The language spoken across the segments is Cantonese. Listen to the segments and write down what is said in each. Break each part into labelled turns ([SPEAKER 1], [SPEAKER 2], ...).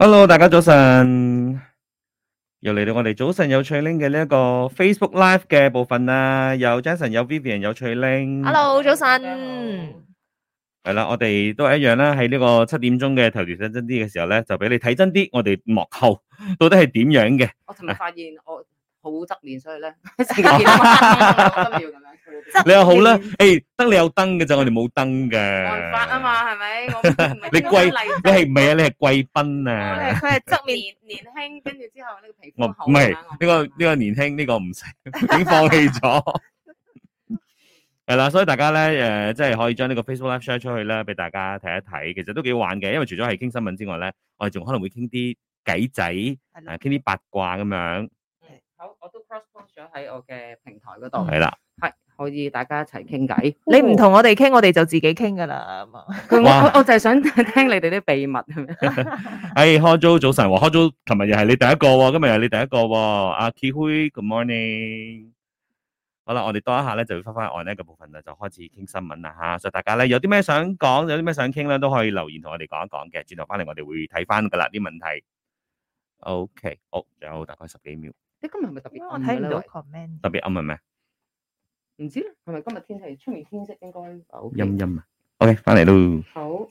[SPEAKER 1] hello，大家早晨，又嚟到我哋早晨有翠玲嘅呢一個 Facebook Live 嘅部分啦，有 Jason，有 Vivian，有翠玲。hello，早晨，係啦，我哋都係一樣啦，喺呢個七點鐘嘅頭條認真啲嘅時候咧，就俾你睇真啲，我哋幕後到底係點樣嘅。我琴日發
[SPEAKER 2] 現我好側面，所以咧，成日見到。你又好啦，誒，
[SPEAKER 1] 得你有燈嘅啫，我哋冇燈嘅。冇法啊嘛，係咪？
[SPEAKER 2] 你貴，你係
[SPEAKER 1] 唔係啊？你係貴賓啊？佢係側面年輕，跟住之後呢個皮膚好。唔係呢個呢個年輕呢個唔使，已經放棄咗。係啦，所以大家咧誒，即係可以將呢個 Facebook Live share 出去啦，俾大家睇一睇。其實都幾好玩嘅，因為除咗係傾新聞之外咧，我哋仲可能會傾啲偈仔，誒，傾啲
[SPEAKER 3] 八卦咁樣。嗯，好，
[SPEAKER 2] 我都 cross post 咗喺我嘅平台嗰度。係啦，係。可以大家
[SPEAKER 3] 一齊傾偈，你唔同我哋傾，我哋就自己傾噶啦。咁啊，我我就
[SPEAKER 2] 係想聽你哋啲秘密
[SPEAKER 1] 係咪？係，Hojo 早晨，Hojo，琴日又係你第一個，今日又係你第一個。阿 Kiwi，Good morning。好啦，我哋多一下咧，就要翻翻 online 嘅部分咧，就開始傾新聞啦吓。所以大家咧，有啲咩想講，有啲咩想傾咧，都可以留言同我哋講一講嘅。轉頭翻嚟，我哋會睇翻噶啦，啲問題。OK，好，有大概十幾秒。你，今日係咪特別暗？我睇唔
[SPEAKER 2] 到 comment，
[SPEAKER 1] 特別暗係咪？
[SPEAKER 2] 唔知咧，係咪今日天氣？出面天色應該好變。
[SPEAKER 1] 陰陰啊，OK 返嚟咯。好。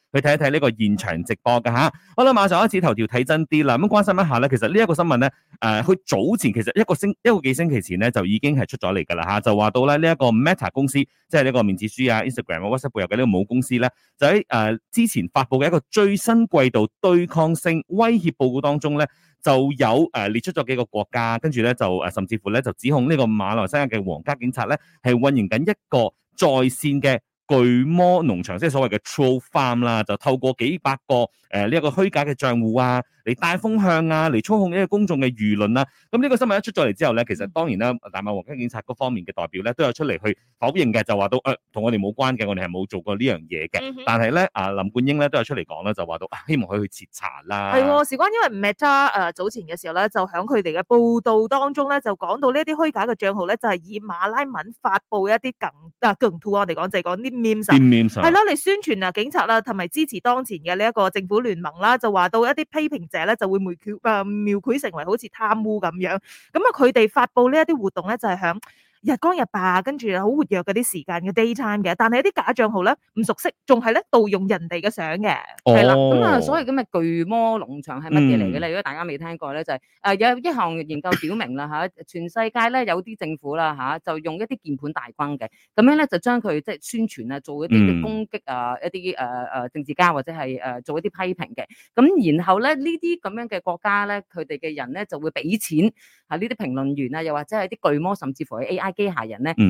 [SPEAKER 1] 去睇一睇呢個現場直播㗎嚇，好啦，馬上開始頭條睇真啲啦。咁關心一下咧，其實呢一個新聞咧，誒、呃，佢早前其實一個星一個幾星期前咧，就已經係出咗嚟㗎啦嚇，就話到咧呢一、呢個 Meta 公司，即係呢個面子書啊、Instagram 啊、WhatsApp 背後嘅呢個母公司咧，就喺誒、呃、之前發布嘅一個最新季度對抗性威脅報告當中咧，就有誒、呃、列出咗幾個國家，跟住咧就誒、呃、甚至乎咧就指控呢個馬來西亞嘅皇家警察咧，係運營緊一個在線嘅巨魔農場，即係所謂嘅 Troll Farm 啦，就透過幾百個誒呢一個虛假嘅賬戶啊，嚟帶風向啊，嚟操控呢個公眾嘅輿論啊，咁、這、呢個新聞一出咗嚟之後咧，其實當然啦，大馬皇家警察嗰方面嘅代表咧都有出嚟去否認嘅，就話到誒同我哋冇關嘅，我哋係冇做過、mm hmm. 呢樣嘢嘅。但係咧啊，林冠英咧都有出嚟講啦，就話到希望可以去徹查啦。係喎、哦，
[SPEAKER 3] 事關因為 Meta 啦，誒早前嘅時候咧，就喺佢哋嘅報道當中咧，就講到呢一啲虛假嘅帳號咧，就係、是、以馬來文發布一啲梗啊，梗圖我哋講就係講啲咯嚟宣傳啊，警察啦，同埋支持當前嘅呢一個政府聯盟啦，就話到一啲批評。者咧就會描繪誒描繪成為好似貪污咁樣。咁啊佢哋發布呢一啲活動咧就係響，日光日白，跟住好活躍嗰啲時間嘅 daytime 嘅，但係有啲假賬號咧唔熟悉，仲係咧盜用人哋嘅相嘅，係啦、哦，咁啊，所以今日巨魔農場係乜嘢嚟嘅咧？嗯、如果大家未聽過咧，就係、是、
[SPEAKER 2] 誒有一項研究表明啦吓， 全世界咧有啲政府啦吓，就用一啲鍵盤大軍嘅，咁樣咧就將佢即係宣傳啊，做一啲攻擊啊，一啲誒誒政治家或者係誒做一啲批評嘅，咁、嗯、然後咧呢啲咁樣嘅國家咧，佢哋嘅人咧就會俾錢吓呢啲評論員啊，又或者係啲巨魔，甚至乎係 AI。機械人咧就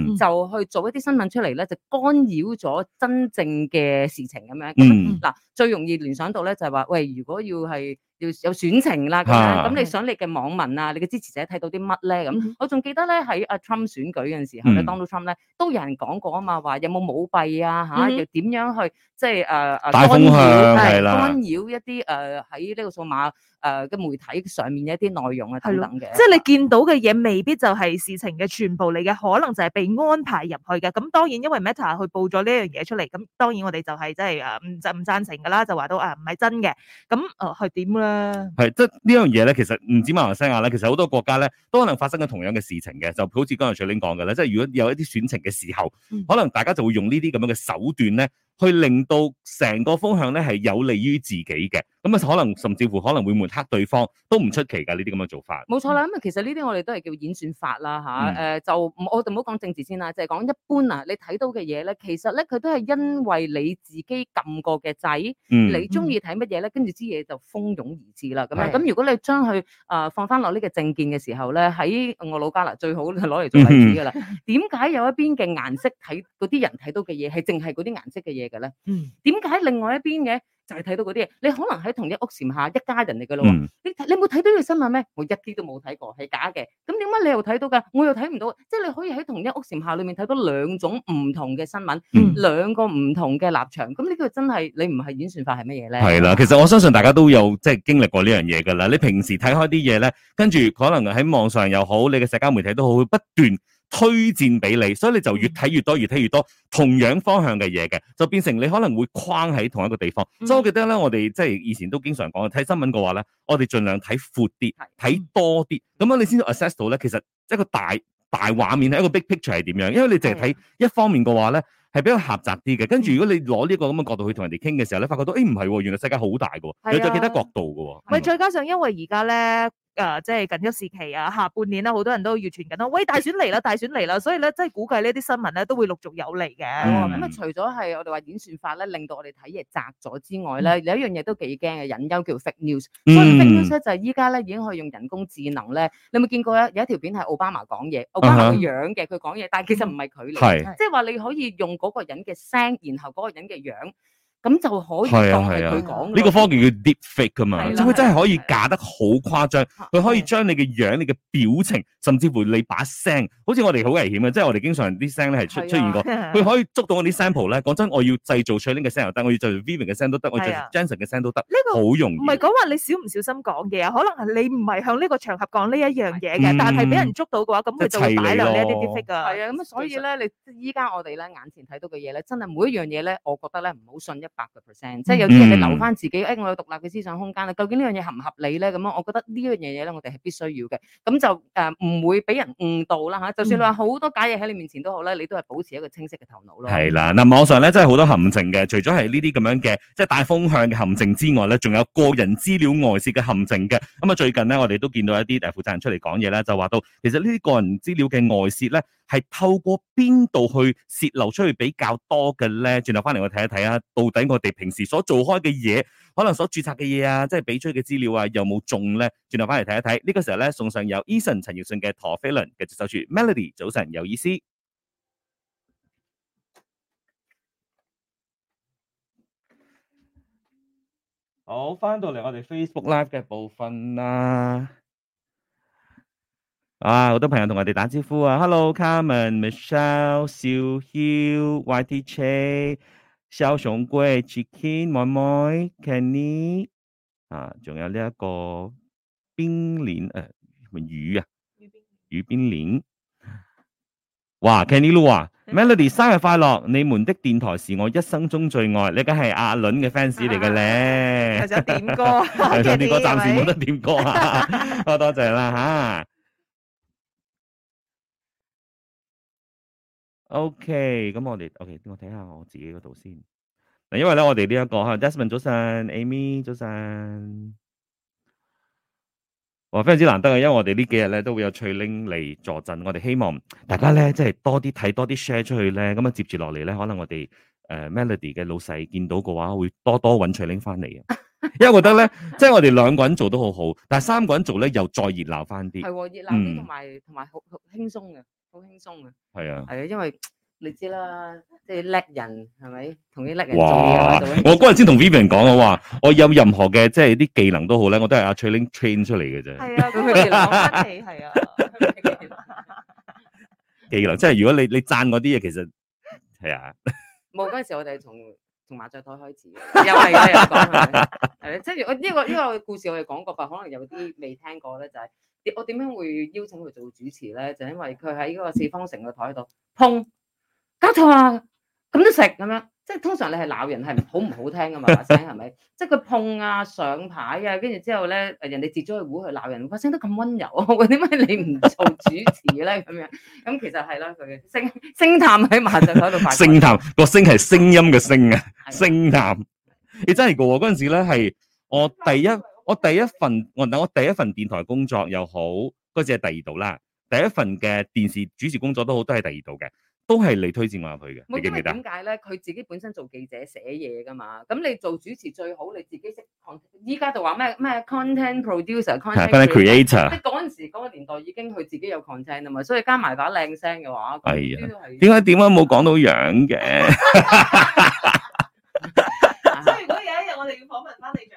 [SPEAKER 2] 去做一啲新聞出嚟咧，就干擾咗真正嘅事情咁樣。嗱，最容易聯想到咧就係話，喂，如果要係。要有選情啦咁，咁你想你嘅網民啊，你嘅支持者睇到啲乜咧？咁我仲記得咧喺阿 Trump 選舉嗰陣時候咧，Donald Trump 咧都有人講過啊嘛，話有冇舞弊啊嚇？嗯、又點樣去即係誒誒干擾係啦，的干
[SPEAKER 3] 擾一啲誒喺呢個數碼誒嘅、呃、媒體上面嘅一啲內容嘅等等嘅。即係、就是、你見到嘅嘢未必就係事情嘅全部，嚟嘅可能就係被安排入去嘅。咁當然因為 Meta 去報咗呢樣嘢出嚟，咁當然我哋就係即係誒唔讚唔贊成㗎啦，就話到啊唔係真嘅。咁誒係點咧？係，
[SPEAKER 1] 即係、嗯就是、呢樣嘢咧，其實唔止馬來西亞咧，其實好多國家咧都可能發生緊同樣嘅事情嘅，就好似剛才水玲講嘅咧，即係如果有一啲選情嘅時候，嗯、可能大家就會用呢啲咁樣嘅手段咧。去令到成個方向咧係有利於自己嘅，咁啊可能甚至乎可能會抹黑對方都唔出奇㗎呢啲咁嘅做法。
[SPEAKER 2] 冇錯啦，咁啊其實呢啲我哋都係叫演算法啦嚇，誒、嗯啊、就我哋唔好講政治先啦，就係、是、講一般啊，你睇到嘅嘢咧，其實咧佢都係因為你自己撳過嘅掣，嗯、你中意睇乜嘢咧，跟住啲嘢就蜂擁而至啦。咁咁的如果你將佢啊放翻落呢個政見嘅時候咧，喺我老家嗱最好攞嚟做例子㗎啦。點解，嗯、有一邊嘅顏色睇嗰啲人睇到嘅嘢係淨係嗰啲顏色嘅嘢？嗯，點解另外一邊嘅就係睇到嗰啲嘢？你可能喺同一屋檐下一家人嚟㗎咯喎，你你冇睇到呢個新聞咩？我一啲都冇睇過，係假嘅。咁點解你又睇到㗎？我又睇唔到，即係你可以喺同一屋檐下裏面睇到兩種唔同嘅新聞，兩個唔同嘅立場。咁呢個真係你唔係演算法係乜嘢咧？係
[SPEAKER 1] 啦，其實我相信大家都有即係經歷過呢樣嘢㗎啦。你平時睇開啲嘢咧，跟住可能喺網上又好，你嘅社交媒體都好，會不斷推薦俾你，所以你就越睇越多，嗯、越睇越多，越睇越多同樣方向嘅嘢嘅，就變成你可能會框喺同一個地方。嗯、所以我記得咧，我哋即係以前都經常講，睇新聞嘅話咧，我哋儘量睇闊啲，睇多啲，咁樣、嗯、你先至 assess 到咧，其實一個大大畫面係一個 big picture 係點樣？因為你淨係睇一方面嘅話咧，係比較狹窄啲嘅。跟住如果你攞呢個咁嘅角度去同人哋傾嘅時候咧，發覺到誒唔係，原來世界好大嘅，啊、還有咗其他角度嘅。
[SPEAKER 3] 唔係再加上因為而家咧。誒、呃，即係近一時期啊，下半年啦、啊，好多人都要傳緊啦，喂，大選嚟啦，大選嚟啦，所以咧，即係估計呢啲新聞咧都會陸續有嚟嘅。咁啊、嗯，嗯、除咗係我哋話演算法咧，令到我哋睇嘢窄咗之
[SPEAKER 2] 外咧，嗯、有一樣嘢都幾驚嘅，隱憂叫 fake news。所以 fake news 呢就係依家咧已經可以用人工智能咧，你有冇見過啊？有一條片係奧巴馬講嘢，奧巴馬嘅樣嘅，佢講嘢，但係其實唔係佢嚟，即係話你可以用嗰個人嘅聲，然後嗰個人嘅樣。咁就可以當係佢講嘅。呢個科
[SPEAKER 1] 技叫 deep fake 嘛，即係佢真係可以假得好誇張。佢可以將你嘅樣、你嘅表情，甚至乎你把聲，好似我哋好危險啊！即係我哋經常啲聲咧係出出現過。佢可以捉到我啲 sample 咧。講真，我要製造 Channing 嘅聲都得，我要製造 Vivian 嘅聲都得，我製造 Jason 嘅聲都得。呢個好容易，唔
[SPEAKER 3] 係講話你小唔小心講嘢啊？可能係你唔係向呢個場合講呢一樣嘢嘅，但係俾人捉到嘅話，咁佢就擺漏呢啲 deep fake 係啊，咁所以咧，你
[SPEAKER 2] 依家我哋咧眼前睇到嘅嘢咧，真係每一樣嘢咧，我覺得咧唔好信。百個即係有啲人你留翻自己，誒、嗯哎，我有獨立嘅思想空間啦。究竟呢樣嘢合唔合理咧？咁樣，我覺得呢樣嘢嘢咧，我哋係必須要嘅。咁就誒，唔會俾人誤導啦吓、啊。就算你話好多假嘢喺你面前都好咧，你都係保持一個清晰嘅頭腦咯。係、
[SPEAKER 1] 嗯嗯、啦，嗱網上咧真係好多陷阱嘅，除咗係呢啲咁樣嘅，即係大方向嘅陷阱之外咧，仲有個人資料外泄嘅陷阱嘅。咁、嗯、啊，最近咧我哋都見到一啲誒負責人出嚟講嘢咧，就話到其實呢啲個人資料嘅外泄咧。係透過邊度去泄露出去比較多嘅咧？轉頭翻嚟，我睇一睇啊，到底我哋平時所做開嘅嘢，可能所註冊嘅嘢啊，即係俾出嘅資料啊，有冇中咧？轉頭翻嚟睇一睇呢個時候咧，送上由 Eason 陳奕迅嘅陀飛輪嘅守住 Melody，早晨有意思。好，翻到嚟我哋 Facebook Live 嘅部分啦。啊！好多朋友同我哋打招呼啊，Hello，Carmen，Michelle，少少，Y.T.J.，小熊龜，Chicken，妹妹，Kenny，啊，仲有呢一個冰蓮誒，魚啊，魚冰蓮。哇，Kenny Lu 啊，Melody 生日快樂！你們的電台是我一生中最愛，你梗係阿倫嘅 fans 嚟嘅
[SPEAKER 4] 咧。就想點歌，就想點歌，暫時冇得點歌啊！好多謝啦吓。O
[SPEAKER 1] K，咁我哋 O K，我睇下我自己嗰度先。嗱，因為咧，我哋呢一個哈，Desmond 早晨，Amy 早晨，哇，非常之難得啊！因為我哋呢幾日咧都會有翠玲嚟助陣，我哋希望大家咧即係多啲睇，多啲 share 出去咧。咁啊，接住落嚟咧，可能我哋誒、呃、Melody 嘅老細見到嘅話，會多多揾翠玲翻嚟啊！因為我覺得咧，即係我哋兩個人做得好好，但係三個人做咧又再熱鬧翻啲。係喎、 嗯，熱鬧啲同
[SPEAKER 2] 埋同埋好輕鬆嘅。好輕鬆嘅，係啊，係啊，因為你知啦，即係叻人係咪同啲叻人做嘢啊？我嗰
[SPEAKER 1] 日先同 Vivian 講啊，話我有任何嘅即係啲技能都好咧，我都係阿翠玲 train 出嚟嘅啫。係啊，佢哋攞翻嚟係啊，技能即係如果你你讚我啲嘢，其實係啊，
[SPEAKER 2] 冇嗰陣時我哋從從麻雀台開始，又係又講係，即係我呢個呢個故事我哋講過，可能有啲未聽過咧就係。我點樣會邀請佢做主持咧？就是，因為佢喺嗰個四方城嘅台度碰搞錯啊，咁都食咁樣，即係通常你係鬧人係好唔好聽嘅嘛把聲係咪？ 即係佢碰啊上牌啊，跟住之後咧，人哋接咗個壺去鬧人，哇，聲得咁溫柔啊！我點解你唔做主持咧？咁樣咁其實係啦，佢聲聲探喺麻雀台度發
[SPEAKER 1] 聲探，個聲係聲音嘅聲啊， 的聲探，你真係噶嗰陣時咧係我第一。我第一份我等我第一份電台工作又好，嗰時係第二度啦。第一份嘅電視主持工作好都好，都係第二度嘅，都係你推薦埋佢嘅。你記唔記得？點解
[SPEAKER 2] 咧？佢自己本身做記者寫嘢噶嘛。咁你做主持最好，你自己識。依家就話咩咩 content producer，content creator。即係嗰陣時嗰個年代已經佢自己有 content 啊嘛、哎呀，所以加埋把靚聲嘅話，係
[SPEAKER 1] 啊，點解點解冇講到樣嘅？所以如果
[SPEAKER 3] 有一日我哋要訪問翻你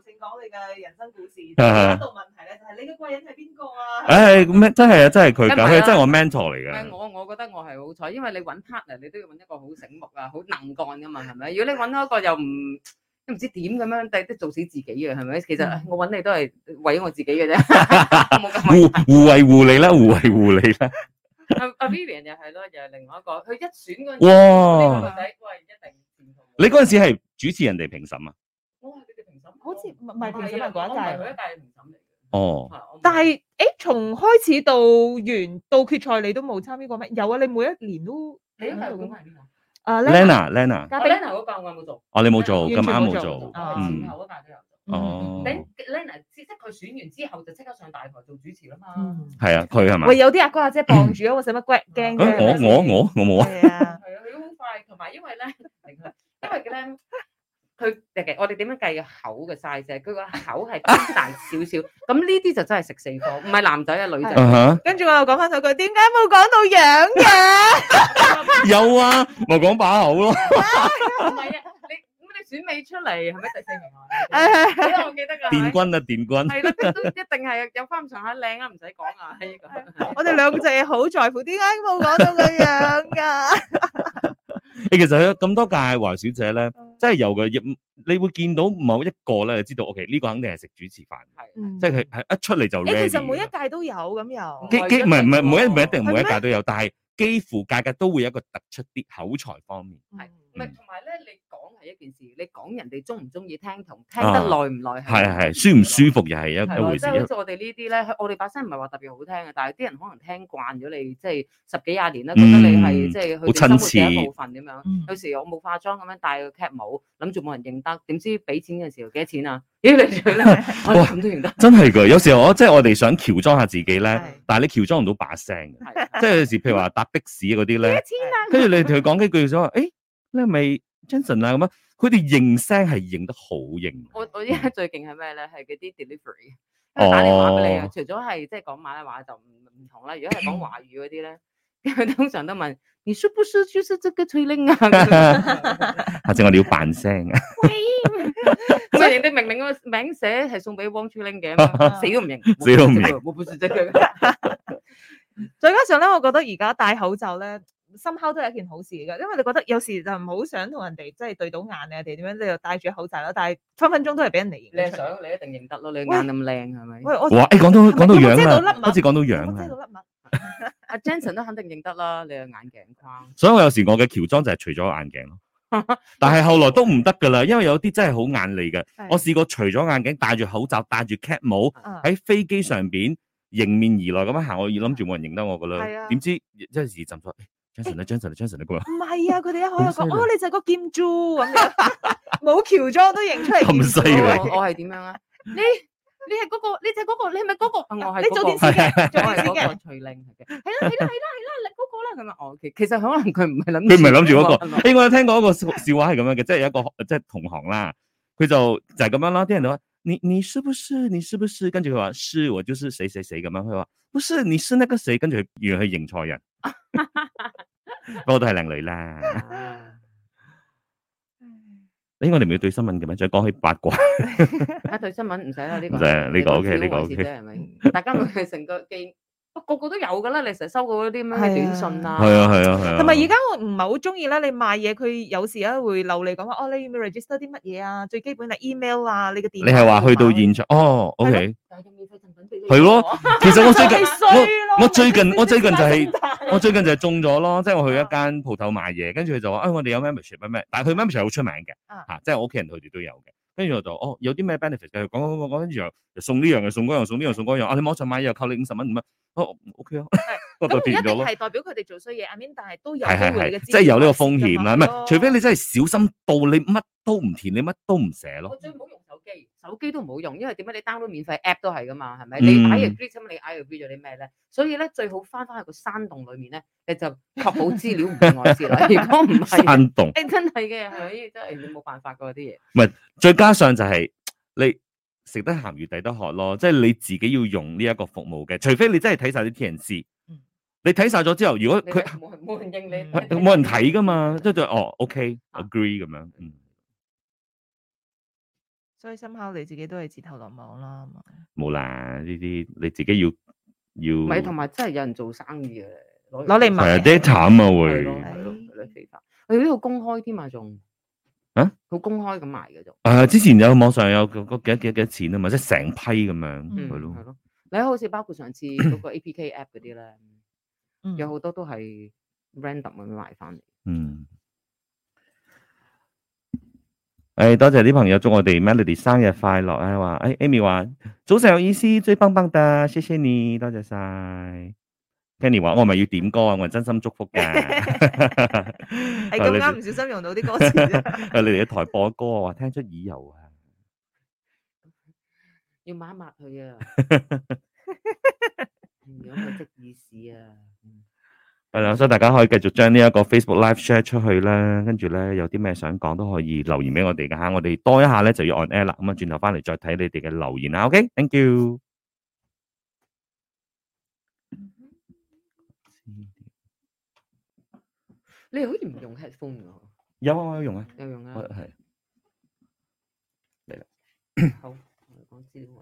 [SPEAKER 2] 正
[SPEAKER 3] 講你嘅人生故
[SPEAKER 2] 事，第一
[SPEAKER 1] 道問題咧就係你嘅貴人係邊個啊？唉，咩真係啊，真係佢噶，佢真係我 mentor 嚟噶。
[SPEAKER 2] 我我覺得我係好彩，因為你揾 partner 你都要揾一個好醒目啊，好能幹噶嘛，係咪？如果你揾到一個又唔唔知點咁樣，即係都做死自己啊，係咪？其實我揾你都係為咗我自己嘅啫，
[SPEAKER 1] 互互惠互利啦，互惠互利啦。
[SPEAKER 2] 阿 Vivian 又係咯，又係另外一個，佢一
[SPEAKER 3] 選嗰陣，哇！
[SPEAKER 1] 你嗰陣時係主持人定評審啊？
[SPEAKER 4] 好似唔係
[SPEAKER 3] 田小文嗰一隊。哦，但係，誒，從開始到完到決賽，你都冇參加過咩？有啊，你每一年都。你都係咁係
[SPEAKER 2] 邊個啊？Lena，Lena。阿 Lena 嗰個我有冇做。哦，你冇做，咁啱冇做。嗯。前後都有做。哦。哦。你 Lena 即係佢選完之後就即刻上大台做主持
[SPEAKER 3] 啊嘛。
[SPEAKER 1] 係啊，佢係嘛。喂，
[SPEAKER 3] 有啲阿哥阿姐傍住啊，我使乜鬼驚啫？我我我我冇啊。係啊，佢好快，同埋因為咧，因為佢咧。佢嘅，我哋點
[SPEAKER 2] 樣計個口嘅 size？佢個口係寬大少少，咁呢啲就真係食四個，唔係男仔啊女
[SPEAKER 3] 仔。跟住我又講翻首句，點解冇講到樣嘅？
[SPEAKER 1] 有啊，咪講把口咯。唔
[SPEAKER 3] 係啊，你咁你選美出嚟係咪第四名啊？係係，
[SPEAKER 2] 記
[SPEAKER 1] 得記得噶。電軍啊，電軍。係啦，都一
[SPEAKER 2] 定係有翻咁長嚇靚啊，
[SPEAKER 3] 唔使講啊。我哋兩個仔好在乎，點解冇講到個
[SPEAKER 1] 樣㗎？誒，其實咁多屆華小姐咧。真係有嘅，你會見到某一個咧，知道 OK 呢個肯定係食主持飯，係的即係係一出嚟就。誒、欸，其實
[SPEAKER 3] 每一屆都有咁有。幾幾唔係唔
[SPEAKER 1] 係，每一唔一定每一屆都有，嗎但係幾乎屆屆都會有一個突出啲口才方面。
[SPEAKER 2] 係的，唔係同埋咧你。一件事，你講人哋鍾唔鍾意聽，同聽得耐唔耐係係
[SPEAKER 1] 係舒唔舒服，又係一回事。即係、就是、
[SPEAKER 2] 好似我哋呢啲咧，我哋把聲唔係話特別好聽嘅，但係啲人可能聽慣咗你，即係十幾廿年咧，覺得你係、嗯、即係好親切。嘅部分咁樣。有時我冇化妝咁樣戴個 cap 帽，諗住冇人認得，點知俾錢嘅時候幾多錢啊？咦，你嚟咗啦？哇，咁都
[SPEAKER 1] 認得，真係㗎。有時候 即我即係我哋想喬裝下自己咧，唉但係你喬裝唔到把聲唉即係有時譬如話搭的士嗰啲咧，啊、跟住你同佢講幾句想話，誒、欸，你係咪？Johnson 啊咁樣，佢哋認聲係認得好
[SPEAKER 2] 認我。我我依家最勁係咩咧？係嗰啲 delivery，打電話俾你啊。哦、除咗係即係講馬拉話就唔唔同啦，如果係講華語嗰啲咧，因為 通常都問你是不
[SPEAKER 3] 是就是這個翠玲啊，
[SPEAKER 1] 或者 我哋要扮聲
[SPEAKER 3] 啊？唔係認得明明個名寫係送俾汪翠玲嘅，死都唔認，死都唔認，我不是即個。 再加上咧，我覺得而家戴口罩咧。深烤都係一件好事嚟噶，因為你覺得有時就唔好想同人哋即係對到眼啊，哋點樣你又戴住口罩咯。但係分分鐘都係俾人嚟。你相，你一定認得咯？你眼
[SPEAKER 2] 咁靚係咪？哇！誒，講到講到樣啦，好似講到樣啦。阿 Jenson 都肯定認得啦，你個眼鏡框。
[SPEAKER 1] 所以我有時我嘅喬裝就係除咗眼鏡咯，但係後來都唔得㗎啦，因為有啲真係好眼嚟㗎。我試過除咗眼鏡，戴住口罩，戴住 cap 帽喺飛機上邊迎面而來咁樣行，我諗住冇人認得我㗎啦。點知一時浸咗。Johnson 咧 Johnson 咧，Johnson 咧，講唔係
[SPEAKER 3] 啊！佢哋一開又講，哦，你就係個建築咁樣，冇喬裝都認出嚟咁犀利。我係點樣啊？你你係嗰個，你就係個，你係咪嗰個？我係你做電視嘅，做電視嘅徐玲係嘅。係啦，係
[SPEAKER 2] 啦，係啦，係啦，嗰個啦咁樣。我其其實可能佢唔係諗，佢唔係諗住嗰個。
[SPEAKER 1] 誒，我有聽過一個笑笑話係咁樣嘅，即係一個即係同行啦，佢就就係咁樣啦。啲人就話你你是不是你是不是，跟住佢話是我就是誰誰誰咁樣，佢話不是，你是那個誰，跟住佢，然後去認錯人。不過都係靚女啦。誒,我哋唔要對新聞嘅咩？再講起八
[SPEAKER 4] 卦。
[SPEAKER 2] 啊，對新聞唔使啦呢個。唔使，你講嘅，你講嘅，係咪？大家咪成個
[SPEAKER 3] 記。個個都
[SPEAKER 2] 有噶啦，你成
[SPEAKER 4] 日收到嗰啲咁樣嘅短信
[SPEAKER 3] 啦，係啊係啊係啊，同埋而家我唔係好中意咧，你賣嘢佢有時咧會留你講話，哦，你要唔要 register 啲乜嘢啊？最基本係 email 啊，呢個電、啊、你係話
[SPEAKER 1] 去到現場哦，OK，係咯，咯，咯，其實我最近 我，我最近， 我，最近我最近就係、是、 我最近就係中咗咯，即、就、係、是、我去一間鋪頭買嘢，跟住佢就話，哎、hip，啊，我哋有 membership m 乜乜，但係佢 membership m b e 好出名嘅，啊，即、就、係、是、我屋企人佢哋都有嘅。跟住我就，哦，有啲咩 benefits？佢講講講，跟住又送呢樣，又送嗰樣，送呢樣，送嗰樣。啊，你網上買嘢又扣你五十蚊五蚊。哦，OK 啊，咁是 就變咗咯。一定係代
[SPEAKER 3] 表佢哋做衰嘢，I mean, 但係都有機會，即係有呢個風險啦。唔係的，除非
[SPEAKER 1] 你真係小心到你乜都唔填，你乜都唔寫咯。我最
[SPEAKER 2] 手機都唔好用，因為點解你 download 免費 app 都係噶嘛，係咪？你 I agree 咁，你 I agree 咗啲咩咧？所以咧最好翻翻去個山洞裏面咧，你就確保資料唔外泄。如果唔係山洞，誒真係嘅，係真係你冇辦法噶啲嘢。
[SPEAKER 1] 唔係，再加上就係你食得鹹魚抵得渴咯，即係你自己要用呢一個服務嘅，除非你真係睇晒啲 TNC，你睇晒咗之後，如果佢冇
[SPEAKER 2] 人應你，冇人
[SPEAKER 1] 睇噶嘛，即係哦，OK agree 咁樣，嗯。
[SPEAKER 3] 所以深刻你自己都係自投羅網啦，係
[SPEAKER 1] 咪？冇啦，呢啲你自己要要。唔係同
[SPEAKER 3] 埋真係有人做生意嘅，
[SPEAKER 4] 攞嚟賣。data 啊嘛會。係咯，係咯，係
[SPEAKER 2] 咯，非法。佢呢個公開添嘛仲？啊，好公開咁賣嘅仲。
[SPEAKER 1] 啊，之前有網上有幾多幾多幾多錢啊嘛，即係成批咁樣，係咯係咯。
[SPEAKER 2] 你好似包括上次嗰個 APK App 嗰啲咧，有好多都係 random 咁樣賣翻嚟。嗯。
[SPEAKER 1] 誒，多謝啲朋友祝我哋 Melody 生日快樂啊！話，誒，Amy 話早上有意思，最棒棒的，謝謝你，多謝晒。Kenny 話我係咪要點歌啊？我係真心祝福嘅，係咁
[SPEAKER 3] 啱唔小心用
[SPEAKER 1] 到啲歌詞。誒，你哋台播歌啊，話聽出耳油啊，
[SPEAKER 2] 要抹一抹佢啊，唔樣咪識耳屎啊。
[SPEAKER 1] 係啦，所以大家可以繼續將呢一個 Facebook Live share 出去啦，跟住咧有啲咩想講都可以留言俾我哋噶吓，我哋多一下咧就要按 L 啦，咁啊轉頭翻嚟再睇你哋嘅留言啦。OK，Thank you。你好
[SPEAKER 2] 似唔用 headphone 噶？有啊，我有用啊，有用啊，係嚟啦。好，
[SPEAKER 4] 講資
[SPEAKER 2] 料。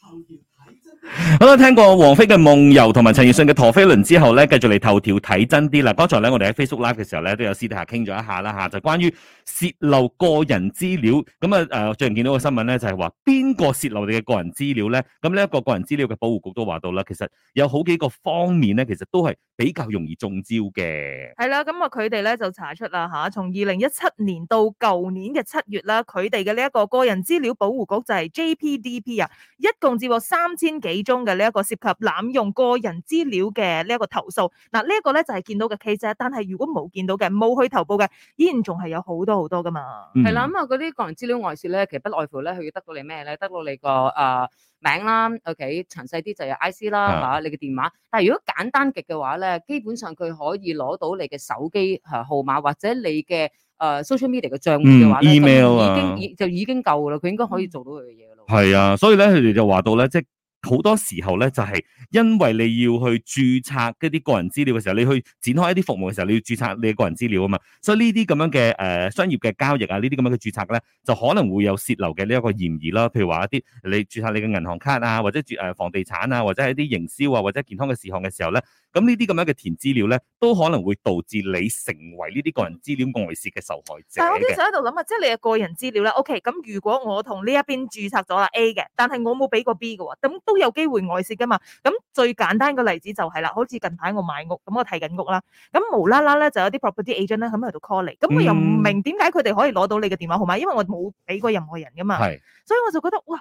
[SPEAKER 4] 好啦，聽過王
[SPEAKER 1] 菲嘅夢遊同埋陳奕迅嘅陀飛輪之後咧，繼續嚟頭條睇真啲啦。剛才咧，我哋喺 Facebook Live 嘅時候咧，都有私底下傾咗一下啦吓，啊，就關於洩露個人資料咁啊誒，最近見到個新聞咧，就係話邊個洩露你嘅個人資料咧？咁呢一個個人資料嘅保護局都話到啦，其實有好幾個方面咧，其實都係比較容易中招嘅。
[SPEAKER 3] 係啦，咁啊，佢哋咧就查出啦吓，從二零一七年到舊年嘅七月啦，佢哋嘅呢一個個人資料保護局就係 JPDP 啊，一共。甚至三千幾宗嘅呢一個涉及濫用個人資料嘅呢一個投訴，嗱呢一個咧就係見到嘅 case 但係如果冇見到嘅冇去投報嘅，依然仲係有好多好多噶嘛，係啦咁啊嗰啲個人資料外泄咧，其實不
[SPEAKER 2] 外乎咧，佢要得到你咩咧？得到你個誒、呃、名啦，OK，詳細啲就有 IC 啦吓的，你嘅電話。但係如果簡單極嘅話咧，基本上佢可以攞到你嘅手機吓、呃、號碼或者你嘅誒、呃、social media 嘅賬戶嘅話、嗯、，email、啊、已經,就已經,就,已經就已經夠啦，佢應該可以做到佢嘅嘢。嗯
[SPEAKER 1] 係啊，所以咧，佢哋就話到咧，即係好多時候咧，就係、是、因為你要去註冊一啲個人資料嘅時候，你去展開一啲服務嘅時候，你要註冊你個人資料啊嘛，所以呢啲咁樣嘅誒、呃、商業嘅交易啊，這這呢啲咁樣嘅註冊咧，就可能會有洩漏嘅呢一個嫌疑啦。譬如話一啲你註冊你嘅銀行卡啊，或者住宅房地產啊，或者係一啲營銷啊，或者健康嘅事項嘅時候咧。咁呢啲咁樣嘅填資料咧，都可能會導致你成為呢啲個人資料外泄嘅受害者。但係我經常喺
[SPEAKER 3] 度諗啊，即係你嘅個人資料咧，OK。咁如果我同呢一邊註冊咗啦 A 嘅，但係我冇俾過 B 嘅喎，咁都有機會外泄噶嘛。咁最簡單嘅例子就係啦，好似近排我買屋，咁我睇緊屋啦，咁無啦啦咧就有啲 property agent 咧喺度 call 你，咁我又唔明點解佢哋可以攞到你嘅電話號碼，因為我冇俾過任何人噶嘛。係，所以我就覺得哇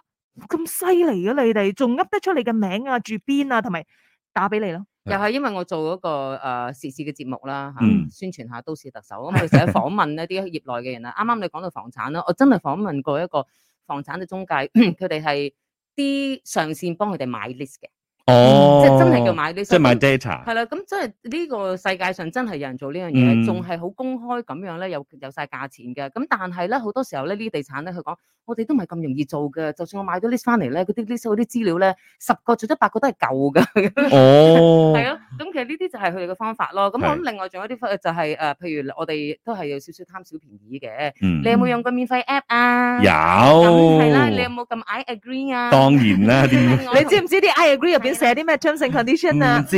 [SPEAKER 3] 咁犀利嘅你哋，仲噏得出你嘅名啊、住邊啊，同埋打俾你咯。
[SPEAKER 2] 又係因為我做嗰個誒、呃、時事嘅節目啦吓，啊嗯、宣傳下都市特首，咁佢成日訪問一啲業內嘅人啊，啱啱 你講到房產啦，我真係訪問過一個房產嘅中介，佢哋係啲上線幫佢哋買 list 嘅。哦，即係真係要買啲，即係買 data。係啦，咁即係呢個世界上真係有人做呢樣嘢，仲係好公開咁樣咧，有有晒價錢嘅。咁但係咧，好多時候咧，呢啲地產咧，佢講我哋都唔係咁容易做嘅。就算我買咗 list 翻嚟咧，嗰啲 list 嗰啲資料咧，十個做多八個都係舊㗎。哦，係咯。咁其實呢啲就係佢哋嘅方法咯。咁我諗另外仲有啲分就係誒，譬如我哋都係有少少貪小便宜嘅。你有冇用過免費 app 啊？有。係啦，你有冇撳 I agree 啊？當然啦，你知唔
[SPEAKER 3] 知啲 I agree 入邊？成啲咩？Justin Condition 啊，唔知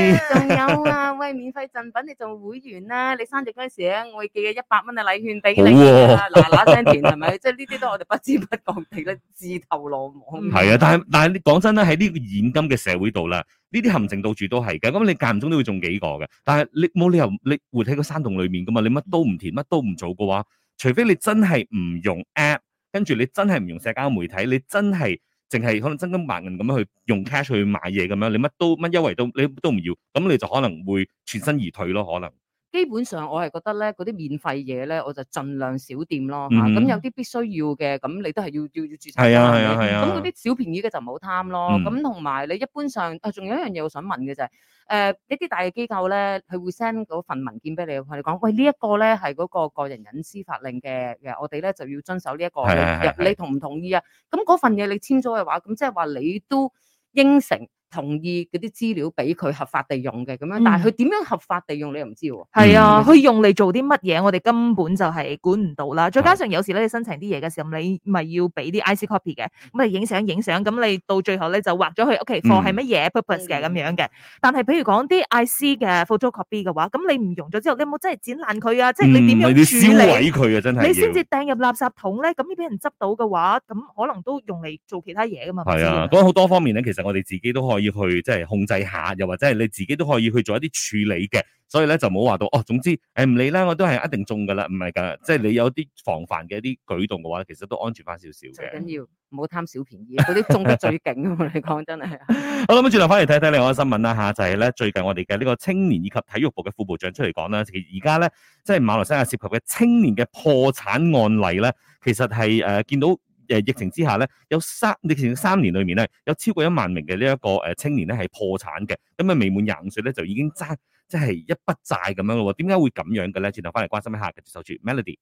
[SPEAKER 3] 啊，
[SPEAKER 4] 仲有
[SPEAKER 1] 啊，
[SPEAKER 2] 喂，免費贈品，你做會員啦，你生日陣時咧，我會寄嘅一百蚊嘅禮券俾你啦，嗱嗱聲填係咪？即係呢啲都我哋不知不覺地咧，自投羅網。係啊，但
[SPEAKER 1] 係但係你講真啦，喺呢個現今嘅社會度啦，呢啲陷阱到處都係嘅，咁你間唔中都會中幾個嘅。但係你冇理由，你活喺個山洞裏面噶嘛，你乜都唔填，乜都唔做嘅話，除非你真係唔用 App，跟住你真係唔用社交媒體，你真係。淨係可能真金白銀咁樣去用 cash 去買嘢咁樣，你乜都乜優惠都你都唔要，咁你就可能會全身而退咯，可能。
[SPEAKER 2] 基本上我係覺得咧，嗰啲免費嘢咧，我就儘量少掂咯嚇。咁、嗯啊、有啲必須要嘅，咁你都係要要要註冊。
[SPEAKER 4] 係啊係啊係啊！咁嗰啲
[SPEAKER 2] 小便宜嘅就唔好貪咯。咁同埋你一般上啊，仲有一樣嘢我想問嘅就係、是，誒、呃、一啲大嘅機構咧，佢會 send 嗰份文件俾你，佢哋講喂，這個、呢一個咧係嗰個個人隱私法令嘅嘅，我哋咧就要遵守呢、這、一個嘅、啊啊啊。你同唔同意啊？咁嗰份嘢你簽咗嘅話，咁即係話你都答應承。同意
[SPEAKER 3] 嗰啲資料俾佢合法地用嘅咁樣，但係佢點樣合法地用你又唔知喎。係啊、嗯，佢、嗯、用嚟做啲乜嘢，我哋根本就係管唔到啦。再加上有時咧，你申請啲嘢嘅時候，你咪要俾啲 IC copy 嘅，咪影相影相，咁你到最後咧就畫咗佢 OK，貨係乜嘢 purpose 嘅咁、嗯嗯、樣嘅。但係譬如講啲 IC 嘅 photocopy 嘅話，咁你唔用咗之後，你有冇真係剪爛佢啊？即係、嗯、你點樣銷毀佢啊？真係你先至掟入垃圾桶咧？咁要俾人執到嘅話，咁可能都用嚟做其他嘢噶嘛。
[SPEAKER 1] 係啊、嗯，好多方面咧，其實我哋自己都可以。要去即係控制下，又或者係你自己都可以去做一啲處理嘅，所以咧就冇話到哦。總之誒唔理啦，我都係一定中噶啦，唔係噶，即係你有啲防範嘅一啲舉動嘅話，其實都安全翻少少。
[SPEAKER 2] 最緊要唔好貪小便宜，嗰啲中得最勁啊！你講真係。
[SPEAKER 1] 好啦，咁轉頭翻嚟睇睇另外個新聞啦吓，就係咧最近我哋嘅呢個青年以及體育部嘅副部長出嚟講啦，而而家咧即係馬來西亞涉及嘅青年嘅破產案例咧，其實係誒見到。誒疫情之下咧，有三疫情三年裏面咧，有超過一萬名嘅呢一個誒青年咧係破產嘅，咁啊未滿廿五歲咧就已經爭即係一筆債咁樣咯喎，點解會咁樣嘅咧？轉頭翻嚟關心一下嘅守住 Melody。